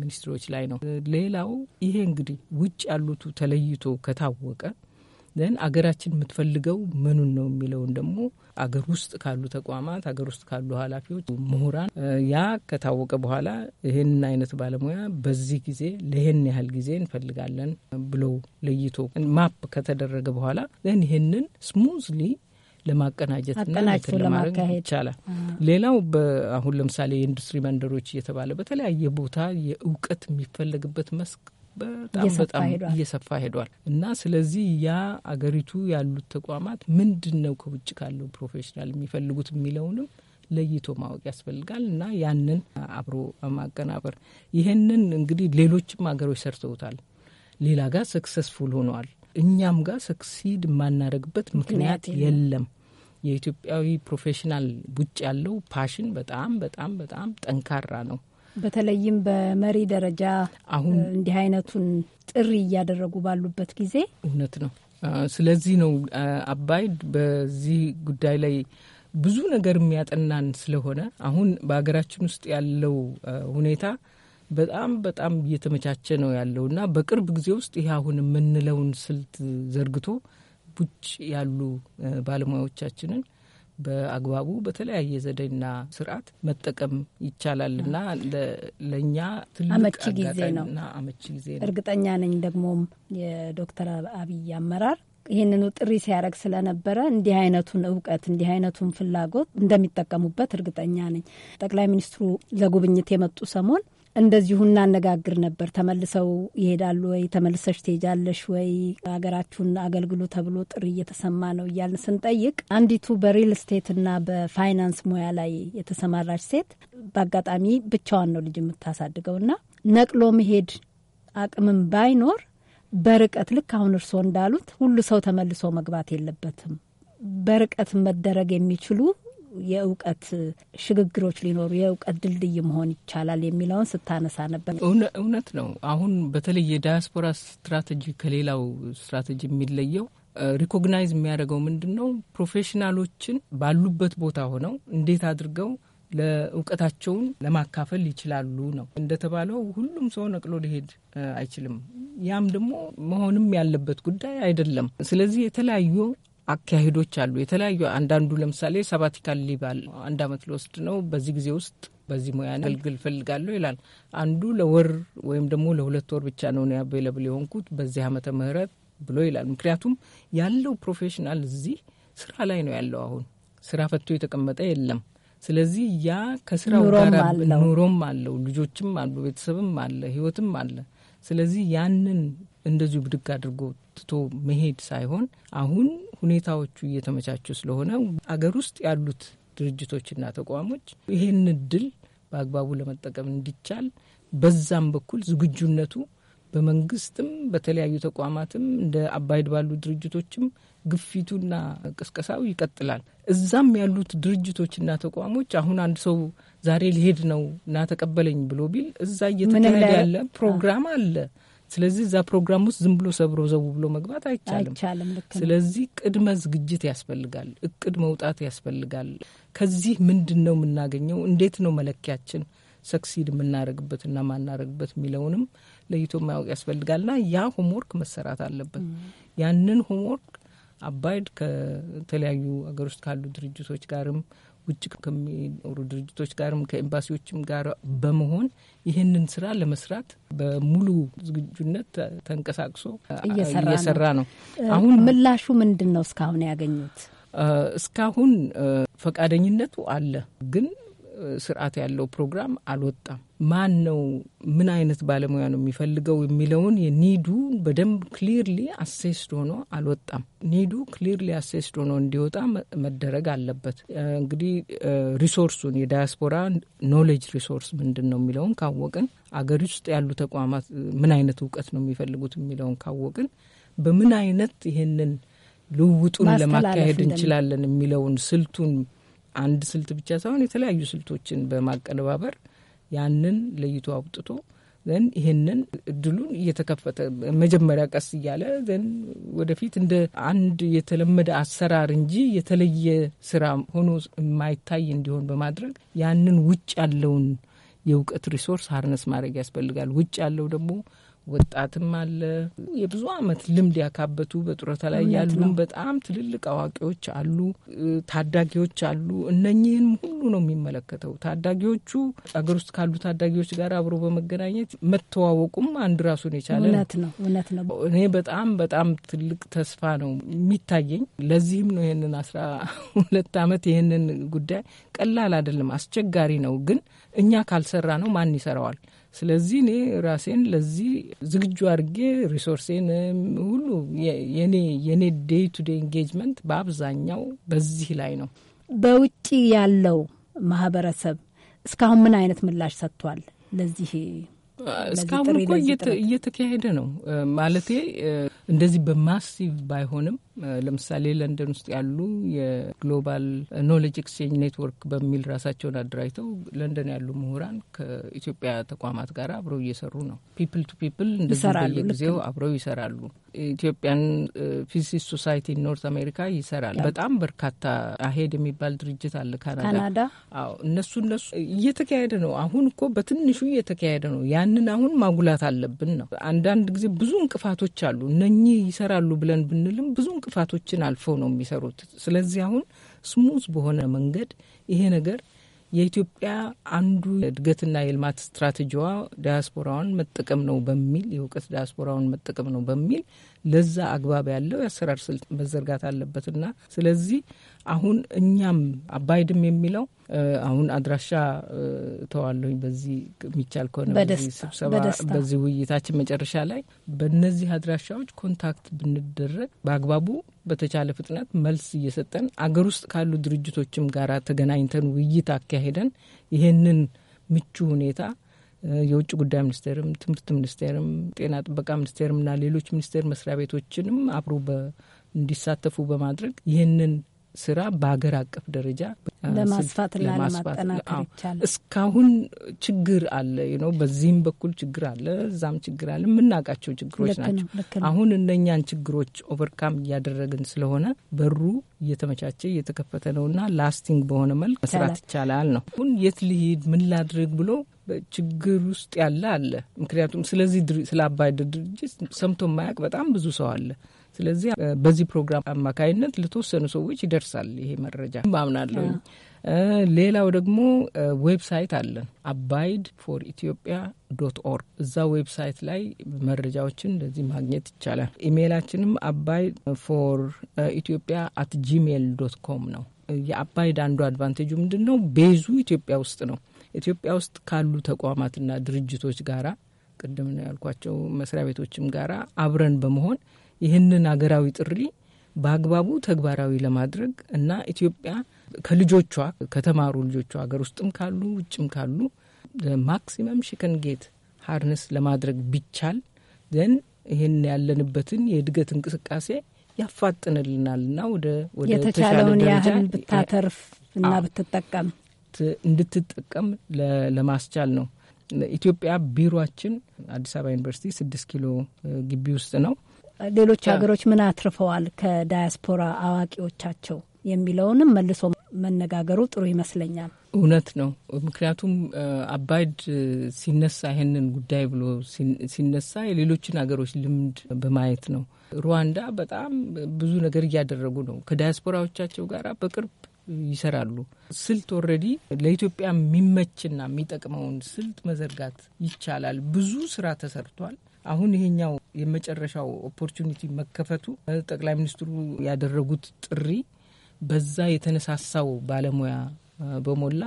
ሚኒስትሮች ላይ ነው። ሌላው ይሄ እንግዲህ ውጭ ያሉቱ ተለይቶ ከታወቀ ዘን አገራችን የምትፈልገው ምኑን ነው የሚለውን ደግሞ አገር ውስጥ ካሉ ተቋማት፣ አገር ውስጥ ካሉ ኃላፊዎች፣ ምሁራን ያ ከታወቀ በኋላ ይህንን አይነት ባለሙያ በዚህ ጊዜ ለይህን ያህል ጊዜ እንፈልጋለን ብሎ ለይቶ ማፕ ከተደረገ በኋላ ዘን ይህንን ስሙዝሊ ለማቀናጀትና ለማድረግ ይቻላል። ሌላው አሁን ለምሳሌ የኢንዱስትሪ መንደሮች እየተባለ በተለያየ ቦታ የእውቀት የሚፈለግበት መስክ በጣም በጣም እየሰፋ ሄዷል እና ስለዚህ ያ አገሪቱ ያሉት ተቋማት ምንድን ነው ከውጭ ካለው ፕሮፌሽናል የሚፈልጉት የሚለውንም ለይቶ ማወቅ ያስፈልጋል እና ያንን አብሮ ማቀናበር ይህንን እንግዲህ ሌሎችም ሀገሮች ሰርተውታል። ሌላ ጋር ሰክሰስፉል ሆነዋል። እኛም ጋር ሰክሲድ የማናደርግበት ምክንያት የለም። የኢትዮጵያዊ ፕሮፌሽናል ውጭ ያለው ፓሽን በጣም በጣም በጣም ጠንካራ ነው። በተለይም በመሪ ደረጃ አሁን እንዲህ አይነቱን ጥሪ እያደረጉ ባሉበት ጊዜ እውነት ነው። ስለዚህ ነው አባይ በዚህ ጉዳይ ላይ ብዙ ነገር የሚያጠናን ስለሆነ አሁን በሀገራችን ውስጥ ያለው ሁኔታ በጣም በጣም እየተመቻቸ ነው ያለው እና በቅርብ ጊዜ ውስጥ ይህ አሁን የምንለውን ስልት ዘርግቶ ውጭ ያሉ ባለሙያዎቻችንን በአግባቡ በተለያየ ዘዴና ስርዓት መጠቀም ይቻላል እና ለእኛ ትልቅ አመቺ ጊዜ ነው አመቺ ጊዜ ነው። እርግጠኛ ነኝ ደግሞም የዶክተር አብይ አመራር ይህንኑ ጥሪ ሲያደርግ ስለነበረ እንዲህ አይነቱን እውቀት እንዲህ አይነቱን ፍላጎት እንደሚጠቀሙበት እርግጠኛ ነኝ። ጠቅላይ ሚኒስትሩ ለጉብኝት የመጡ ሰሞን እንደዚሁ እናነጋግር ነበር። ተመልሰው ይሄዳሉ ወይ ተመልሰሽ ትሄጃለሽ ወይ ሀገራችሁን አገልግሉ ተብሎ ጥሪ እየተሰማ ነው እያልን ስንጠይቅ አንዲቱ በሪል ስቴትና በፋይናንስ ሙያ ላይ የተሰማራች ሴት በአጋጣሚ ብቻዋን ነው ልጅ የምታሳድገው እና ነቅሎ መሄድ አቅምም ባይኖር በርቀት ልክ አሁን እርስዎ እንዳሉት ሁሉ ሰው ተመልሶ መግባት የለበትም። በርቀት መደረግ የሚችሉ የእውቀት ሽግግሮች ሊኖሩ የእውቀት ድልድይ መሆን ይቻላል የሚለውን ስታነሳ ነበር። እውነት ነው። አሁን በተለይ የዳያስፖራ ስትራቴጂ ከሌላው ስትራቴጂ የሚለየው ሪኮግናይዝ የሚያደርገው ምንድን ነው? ፕሮፌሽናሎችን ባሉበት ቦታ ሆነው እንዴት አድርገው ለእውቀታቸውን ለማካፈል ይችላሉ ነው። እንደተባለው ሁሉም ሰው ነቅሎ ሊሄድ አይችልም። ያም ደግሞ መሆንም ያለበት ጉዳይ አይደለም። ስለዚህ የተለያዩ አካሄዶች አሉ የተለያዩ። አንዳንዱ ለምሳሌ ሰባቲካል ሊባል አንድ አመት ልወስድ ነው፣ በዚህ ጊዜ ውስጥ በዚህ ሙያ አገልግል ፈልጋለሁ ይላል። አንዱ ለወር ወይም ደግሞ ለሁለት ወር ብቻ ነው አቬለብል የሆንኩት በዚህ አመተ ምህረት ብሎ ይላል። ምክንያቱም ያለው ፕሮፌሽናል እዚህ ስራ ላይ ነው ያለው። አሁን ስራ ፈቶ የተቀመጠ የለም። ስለዚህ ያ ከስራው ጋር ኑሮም አለው፣ ልጆችም አሉ፣ ቤተሰብም አለ፣ ህይወትም አለ። ስለዚህ ያንን እንደዚሁ ብድግ አድርጎ ትቶ መሄድ ሳይሆን አሁን ሁኔታዎቹ እየተመቻቹ ስለሆነ አገር ውስጥ ያሉት ድርጅቶችና ተቋሞች ይህን እድል በአግባቡ ለመጠቀም እንዲቻል በዛም በኩል ዝግጁነቱ በመንግስትም በተለያዩ ተቋማትም እንደ አባይድ ባሉ ድርጅቶችም ግፊቱና ቅስቀሳው ይቀጥላል። እዛም ያሉት ድርጅቶችና ተቋሞች አሁን አንድ ሰው ዛሬ ሊሄድ ነው እና ተቀበለኝ ብሎ ቢል እዛ እየተካሄደ ያለ ፕሮግራም አለ። ስለዚህ እዛ ፕሮግራም ውስጥ ዝም ብሎ ሰብሮ ዘው ብሎ መግባት አይቻልም። ስለዚህ ቅድመ ዝግጅት ያስፈልጋል፣ እቅድ መውጣት ያስፈልጋል። ከዚህ ምንድን ነው የምናገኘው? እንዴት ነው መለኪያችን ሰክሲድ የምናደርግበትና ማናደርግበት የሚለውንም ለይቶ ማወቅ ያስፈልጋልና ያ ሆምወርክ መሰራት አለበት። ያንን ሆምወርክ አባይድ ከተለያዩ ሀገር ውስጥ ካሉ ድርጅቶች ጋርም ውጭ ከሚኖሩ ድርጅቶች ጋርም ከኤምባሲዎችም ጋር በመሆን ይህንን ስራ ለመስራት በሙሉ ዝግጁነት ተንቀሳቅሶ እየሰራ ነው። አሁን ምላሹ ምንድን ነው? እስካሁን ያገኙት እስካሁን ፈቃደኝነቱ አለ ግን ስርዓት ያለው ፕሮግራም አልወጣም። ማን ነው ምን አይነት ባለሙያ ነው የሚፈልገው የሚለውን የኒዱ በደንብ ክሊርሊ አሴስድ ሆኖ አልወጣም። ኒዱ ክሊርሊ አሴስድ ሆኖ እንዲወጣ መደረግ አለበት። እንግዲህ ሪሶርሱን የዳያስፖራ ኖሌጅ ሪሶርስ ምንድን ነው የሚለውን ካወቅን፣ አገር ውስጥ ያሉ ተቋማት ምን አይነት እውቀት ነው የሚፈልጉት የሚለውን ካወቅን፣ በምን አይነት ይህንን ልውውጡን ለማካሄድ እንችላለን የሚለውን ስልቱን አንድ ስልት ብቻ ሳይሆን የተለያዩ ስልቶችን በማቀነባበር ያንን ለይቶ አውጥቶ ዘን ይህንን እድሉን እየተከፈተ መጀመሪያ ቀስ እያለ ዘን ወደፊት እንደ አንድ የተለመደ አሰራር እንጂ የተለየ ስራ ሆኖ የማይታይ እንዲሆን በማድረግ ያንን ውጭ ያለውን የእውቀት ሪሶርስ ሀርነስ ማድረግ ያስፈልጋል። ውጭ ያለው ደግሞ ወጣትም አለ። የብዙ ዓመት ልምድ ያካበቱ በጡረታ ላይ ያሉም በጣም ትልልቅ አዋቂዎች አሉ፣ ታዳጊዎች አሉ። እነኚህን ሁሉ ነው የሚመለከተው። ታዳጊዎቹ አገር ውስጥ ካሉ ታዳጊዎች ጋር አብሮ በመገናኘት መተዋወቁም አንድ ራሱን የቻለ እውነት ነው እውነት ነው። እኔ በጣም በጣም ትልቅ ተስፋ ነው የሚታየኝ። ለዚህም ነው ይህንን አስራ ሁለት አመት ይህንን ጉዳይ ቀላል አይደለም፣ አስቸጋሪ ነው። ግን እኛ ካልሰራ ነው ማን ይሰራዋል? ስለዚህ እኔ ራሴን ለዚህ ዝግጁ አድርጌ ሪሶርሴን ሁሉ የኔ የኔ ዴይ ቱ ዴይ ኢንጌጅመንት በአብዛኛው በዚህ ላይ ነው። በውጭ ያለው ማህበረሰብ እስካሁን ምን አይነት ምላሽ ሰጥቷል? ለዚህ እስካሁን እኮ እየተካሄደ ነው ማለቴ እንደዚህ በማሲቭ ባይሆንም ለምሳሌ ለንደን ውስጥ ያሉ የግሎባል ኖሌጅ ኤክስቼንጅ ኔትወርክ በሚል ራሳቸውን አደራጅተው ለንደን ያሉ ምሁራን ከኢትዮጵያ ተቋማት ጋር አብረው እየሰሩ ነው። ፒፕል ቱ ፒፕል እንደዚህ ጊዜው አብረው ይሰራሉ። ኢትዮጵያን ፊዚክስ ሶሳይቲ ኖርት አሜሪካ ይሰራል። በጣም በርካታ አሄድ የሚባል ድርጅት አለ ካናዳ። አዎ እነሱ እነሱ እየተካሄደ ነው። አሁን እኮ በትንሹ እየተካሄደ ነው። ያንን አሁን ማጉላት አለብን ነው። አንዳንድ ጊዜ ብዙ እንቅፋቶች አሉ። እነኚህ ይሰራሉ ብለን ብንልም ብዙ እንቅፋቶችን አልፈው ነው የሚሰሩት። ስለዚህ አሁን ስሙዝ በሆነ መንገድ ይሄ ነገር የኢትዮጵያ አንዱ እድገትና የልማት ስትራቴጂዋ ዲያስፖራውን መጠቀም ነው በሚል የእውቀት ዲያስፖራውን መጠቀም ነው በሚል ለዛ አግባብ ያለው የአሰራር ስልት መዘርጋት አለበትና ስለዚህ አሁን እኛም አባይድም የሚለው አሁን አድራሻ ተዋለኝ በዚህ የሚቻል ከሆነ ስብሰባ በዚህ ውይይታችን መጨረሻ ላይ በእነዚህ አድራሻዎች ኮንታክት ብንደረግ በአግባቡ በተቻለ ፍጥነት መልስ እየሰጠን አገር ውስጥ ካሉ ድርጅቶችም ጋር ተገናኝተን ውይይት አካሄደን ይህንን ምቹ ሁኔታ የውጭ ጉዳይ ሚኒስቴርም፣ ትምህርት ሚኒስቴርም፣ ጤና ጥበቃ ሚኒስቴርም ና ሌሎች ሚኒስቴር መስሪያ ቤቶችንም አብሮ እንዲሳተፉ በማድረግ ይህንን ስራ በሀገር አቀፍ ደረጃ ለማስፋት ለማጠናከር ይቻላል። እስካሁን ችግር አለ ነው። በዚህም በኩል ችግር አለ፣ እዛም ችግር አለ። የምናውቃቸው ችግሮች ናቸው። አሁን እነኛን ችግሮች ኦቨርካም እያደረግን ስለሆነ በሩ እየተመቻቸ እየተከፈተ ነውና ላስቲንግ በሆነ መልክ መስራት ይቻላል ነው። አሁን የት ልሂድ ምን ላድርግ ብሎ ችግር ውስጥ ያለ አለ። ምክንያቱም ስለዚህ ስለ አባይ ድርጅት ሰምቶ የማያውቅ በጣም ብዙ ሰው አለ። ስለዚህ በዚህ ፕሮግራም አማካይነት ለተወሰኑ ሰዎች ይደርሳል ይሄ መረጃ ማምናለሁኝ። ሌላው ደግሞ ዌብሳይት አለን አባይድ ፎር ኢትዮጵያ ዶት ኦርግ እዛ ዌብሳይት ላይ መረጃዎችን እንደዚህ ማግኘት ይቻላል። ኢሜይላችንም አባይድ ፎር ኢትዮጵያ አት ጂሜል ዶት ኮም ነው። የአባይድ አንዱ አድቫንቴጁ ምንድን ነው? ቤዙ ኢትዮጵያ ውስጥ ነው። ኢትዮጵያ ውስጥ ካሉ ተቋማትና ድርጅቶች ጋራ ቅድም ያልኳቸው መስሪያ ቤቶችም ጋራ አብረን በመሆን ይህንን አገራዊ ጥሪ በአግባቡ ተግባራዊ ለማድረግ እና ኢትዮጵያ ከልጆቿ ከተማሩ ልጆቿ ሀገር ውስጥም ካሉ ውጭም ካሉ ማክሲመም ሽከን ጌት ሀርነስ ለማድረግ ቢቻል ዘን ይህን ያለንበትን የእድገት እንቅስቃሴ ያፋጥንልናልና ወደ የተቻለውን ያህል ብታተርፍ እና ብትጠቀም እንድትጠቀም ለማስቻል ነው። ኢትዮጵያ ቢሮችን አዲስ አበባ ዩኒቨርሲቲ ስድስት ኪሎ ግቢ ውስጥ ነው። ሌሎች ሀገሮች ምን አትርፈዋል ከዳያስፖራ አዋቂዎቻቸው የሚለውንም መልሶ መነጋገሩ ጥሩ ይመስለኛል። እውነት ነው። ምክንያቱም አባይድ ሲነሳ ይህንን ጉዳይ ብሎ ሲነሳ የሌሎችን ሀገሮች ልምድ በማየት ነው። ሩዋንዳ በጣም ብዙ ነገር እያደረጉ ነው። ከዳያስፖራዎቻቸው ጋር በቅርብ ይሰራሉ። ስልት ኦልሬዲ ለኢትዮጵያ የሚመችና የሚጠቅመውን ስልት መዘርጋት ይቻላል። ብዙ ስራ ተሰርቷል። አሁን ይሄኛው የመጨረሻው ኦፖርቹኒቲ መከፈቱ ጠቅላይ ሚኒስትሩ ያደረጉት ጥሪ በዛ የተነሳሳው ባለሙያ በሞላ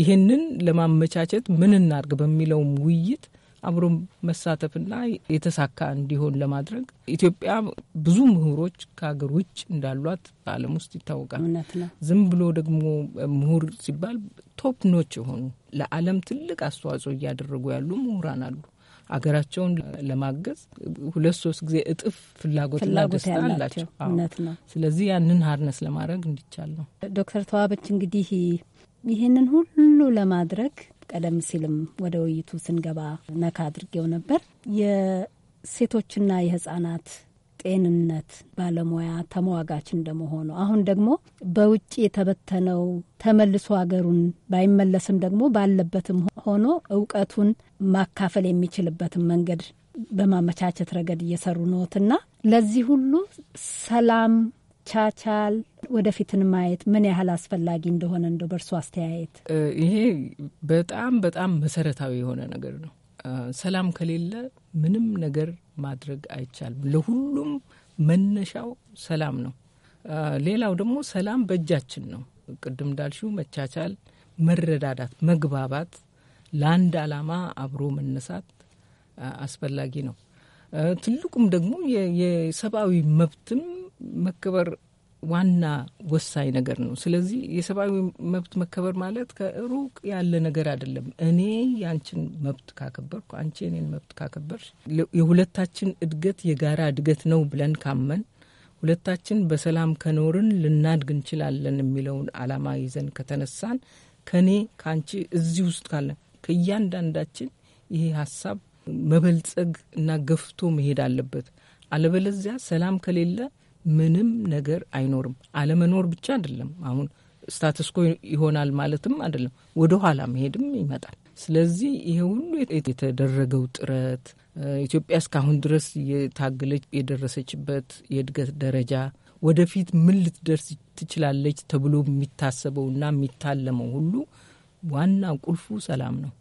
ይሄንን ለማመቻቸት ምን እናርግ በሚለውም ውይይት አብሮ መሳተፍና የተሳካ እንዲሆን ለማድረግ ኢትዮጵያ ብዙ ምሁሮች ከሀገር ውጭ እንዳሏት በዓለም ውስጥ ይታወቃል። ዝም ብሎ ደግሞ ምሁር ሲባል ቶፕ ኖች የሆኑ ለዓለም ትልቅ አስተዋጽኦ እያደረጉ ያሉ ምሁራን አሉ። አገራቸውን ለማገዝ ሁለት ሶስት ጊዜ እጥፍ ፍላጎትና ደስታ አላቸው። እውነት ነው። ስለዚህ ያንን ሀርነስ ለማድረግ እንዲቻል ነው። ዶክተር ተዋበች እንግዲህ ይህንን ሁሉ ለማድረግ ቀደም ሲልም ወደ ውይይቱ ስንገባ ነካ አድርጌው ነበር የሴቶችና የህጻናት ጤንነት ባለሙያ ተሟጋች እንደመሆኑ አሁን ደግሞ በውጭ የተበተነው ተመልሶ ሀገሩን ባይመለስም ደግሞ ባለበትም ሆኖ እውቀቱን ማካፈል የሚችልበትን መንገድ በማመቻቸት ረገድ እየሰሩ ነዎትና ለዚህ ሁሉ ሰላም፣ ቻቻል፣ ወደፊትን ማየት ምን ያህል አስፈላጊ እንደሆነ እንደ በእርሱ አስተያየት። ይሄ በጣም በጣም መሰረታዊ የሆነ ነገር ነው። ሰላም ከሌለ ምንም ነገር ማድረግ አይቻልም። ለሁሉም መነሻው ሰላም ነው። ሌላው ደግሞ ሰላም በእጃችን ነው። ቅድም እንዳልሽው መቻቻል፣ መረዳዳት፣ መግባባት፣ ለአንድ ዓላማ አብሮ መነሳት አስፈላጊ ነው። ትልቁም ደግሞ የሰብአዊ መብትም መከበር ዋና ወሳኝ ነገር ነው። ስለዚህ የሰብአዊ መብት መከበር ማለት ከሩቅ ያለ ነገር አይደለም። እኔ የአንችን መብት ካከበርኩ፣ አንቺ እኔን መብት ካከበር፣ የሁለታችን እድገት የጋራ እድገት ነው ብለን ካመን፣ ሁለታችን በሰላም ከኖርን ልናድግ እንችላለን የሚለውን አላማ ይዘን ከተነሳን ከኔ ከአንቺ እዚህ ውስጥ ካለ ከእያንዳንዳችን ይሄ ሀሳብ መበልጸግ እና ገፍቶ መሄድ አለበት። አለበለዚያ ሰላም ከሌለ ምንም ነገር አይኖርም። አለመኖር ብቻ አይደለም። አሁን ስታትስኮ ይሆናል ማለትም አይደለም። ወደ ኋላ መሄድም ይመጣል። ስለዚህ ይሄ ሁሉ የተደረገው ጥረት ኢትዮጵያ እስካሁን ድረስ የታገለች የደረሰችበት የእድገት ደረጃ ወደፊት ምን ልትደርስ ትችላለች ተብሎ የሚታሰበውና የሚታለመው ሁሉ ዋና ቁልፉ ሰላም ነው።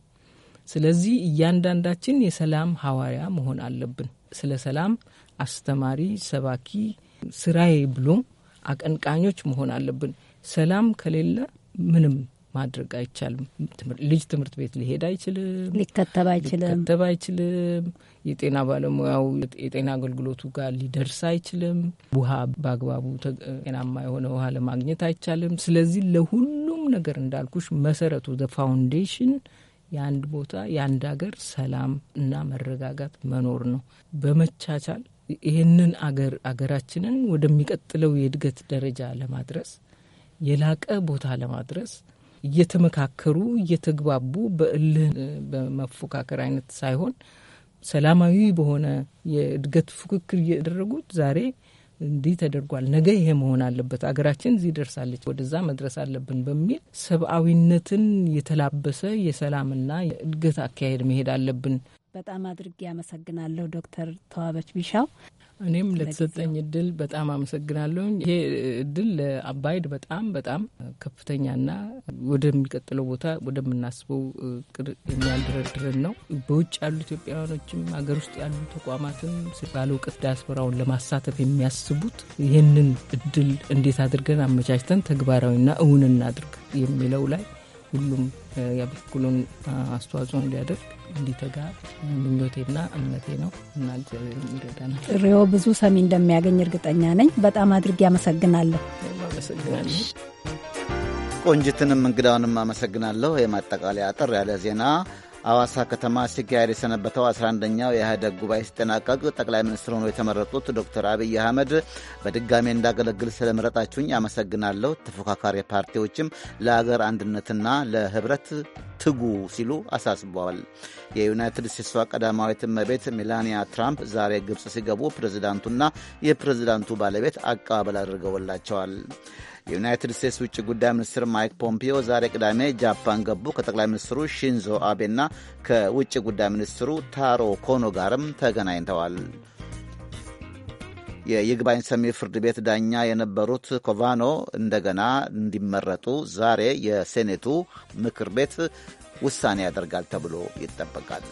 ስለዚህ እያንዳንዳችን የሰላም ሐዋርያ መሆን አለብን። ስለ ሰላም አስተማሪ፣ ሰባኪ ስራዬ ብሎ አቀንቃኞች መሆን አለብን። ሰላም ከሌለ ምንም ማድረግ አይቻልም። ልጅ ትምህርት ቤት ሊሄድ አይችልም። ሊከተብ አይችልም። ሊከተብ አይችልም። የጤና ባለሙያው የጤና አገልግሎቱ ጋር ሊደርስ አይችልም። ውሃ በአግባቡ ጤናማ የሆነ ውሃ ለማግኘት አይቻልም። ስለዚህ ለሁሉም ነገር እንዳልኩሽ መሰረቱ ዘ ፋውንዴሽን የአንድ ቦታ የአንድ ሀገር ሰላም እና መረጋጋት መኖር ነው በመቻቻል ይህንን አገር አገራችንን ወደሚቀጥለው የእድገት ደረጃ ለማድረስ የላቀ ቦታ ለማድረስ እየተመካከሩ እየተግባቡ በእልህ በመፎካከር አይነት ሳይሆን ሰላማዊ በሆነ የእድገት ፉክክር እያደረጉት ዛሬ እንዲህ ተደርጓል፣ ነገ ይሄ መሆን አለበት፣ አገራችን እዚህ ደርሳለች፣ ወደዛ መድረስ አለብን በሚል ሰብአዊነትን የተላበሰ የሰላምና የእድገት አካሄድ መሄድ አለብን በጣም አድርጌ አመሰግናለሁ ዶክተር ተዋበች ቢሻው። እኔም ለተሰጠኝ እድል በጣም አመሰግናለሁ። ይሄ እድል ለአባይድ በጣም በጣም ከፍተኛና ወደሚቀጥለው ቦታ ወደምናስበው ቅር የሚያልደረድረን ነው። በውጭ ያሉ ኢትዮጵያውያኖችም ሀገር ውስጥ ያሉ ተቋማትም ባለ እውቀት ዲያስፖራውን ለማሳተፍ የሚያስቡት ይህንን እድል እንዴት አድርገን አመቻችተን ተግባራዊና እውን እናድርግ የሚለው ላይ ሁሉም የበኩሉን አስተዋጽኦ እንዲያደርግ እንዲተጋ ምኞቴና እምነቴ ነው እና እግዚአብሔር ይረዳናል። ጥሪዎ ብዙ ሰሚ እንደሚያገኝ እርግጠኛ ነኝ። በጣም አድርጌ አመሰግናለሁ። አመሰግናለሁ። ቆንጅትንም እንግዳውንም አመሰግናለሁ። የማጠቃለያ አጠር ያለ ዜና አዋሳ ከተማ ሲካሄድ የሰነበተው 11ኛው የኢህአደግ ጉባኤ ሲጠናቀቅ ጠቅላይ ሚኒስትር ሆኖ የተመረጡት ዶክተር አብይ አህመድ በድጋሜ እንዳገለግል ስለመረጣችሁኝ አመሰግናለሁ፣ ተፎካካሪ ፓርቲዎችም ለአገር አንድነትና ለህብረት ትጉ ሲሉ አሳስበዋል። የዩናይትድ ስቴትሷ ቀዳማዊት እመቤት ሜላኒያ ትራምፕ ዛሬ ግብፅ ሲገቡ ፕሬዚዳንቱና የፕሬዚዳንቱ ባለቤት አቀባበል አድርገውላቸዋል። የዩናይትድ ስቴትስ ውጭ ጉዳይ ሚኒስትር ማይክ ፖምፒዮ ዛሬ ቅዳሜ ጃፓን ገቡ። ከጠቅላይ ሚኒስትሩ ሺንዞ አቤና ከውጭ ጉዳይ ሚኒስትሩ ታሮ ኮኖ ጋርም ተገናኝተዋል። የይግባኝ ሰሚ ፍርድ ቤት ዳኛ የነበሩት ኮቫኖ እንደገና እንዲመረጡ ዛሬ የሴኔቱ ምክር ቤት ውሳኔ ያደርጋል ተብሎ ይጠበቃል።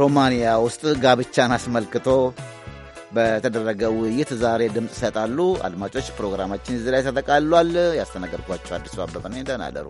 ሮማንያ ውስጥ ጋብቻን አስመልክቶ በተደረገ ውይይት ዛሬ ድምፅ ይሰጣሉ። አድማጮች፣ ፕሮግራማችን እዚህ ላይ ተጠቃልሏል። ያስተናገድኳቸው አዲሱ አበበ ነኝ። ደህና እደሩ።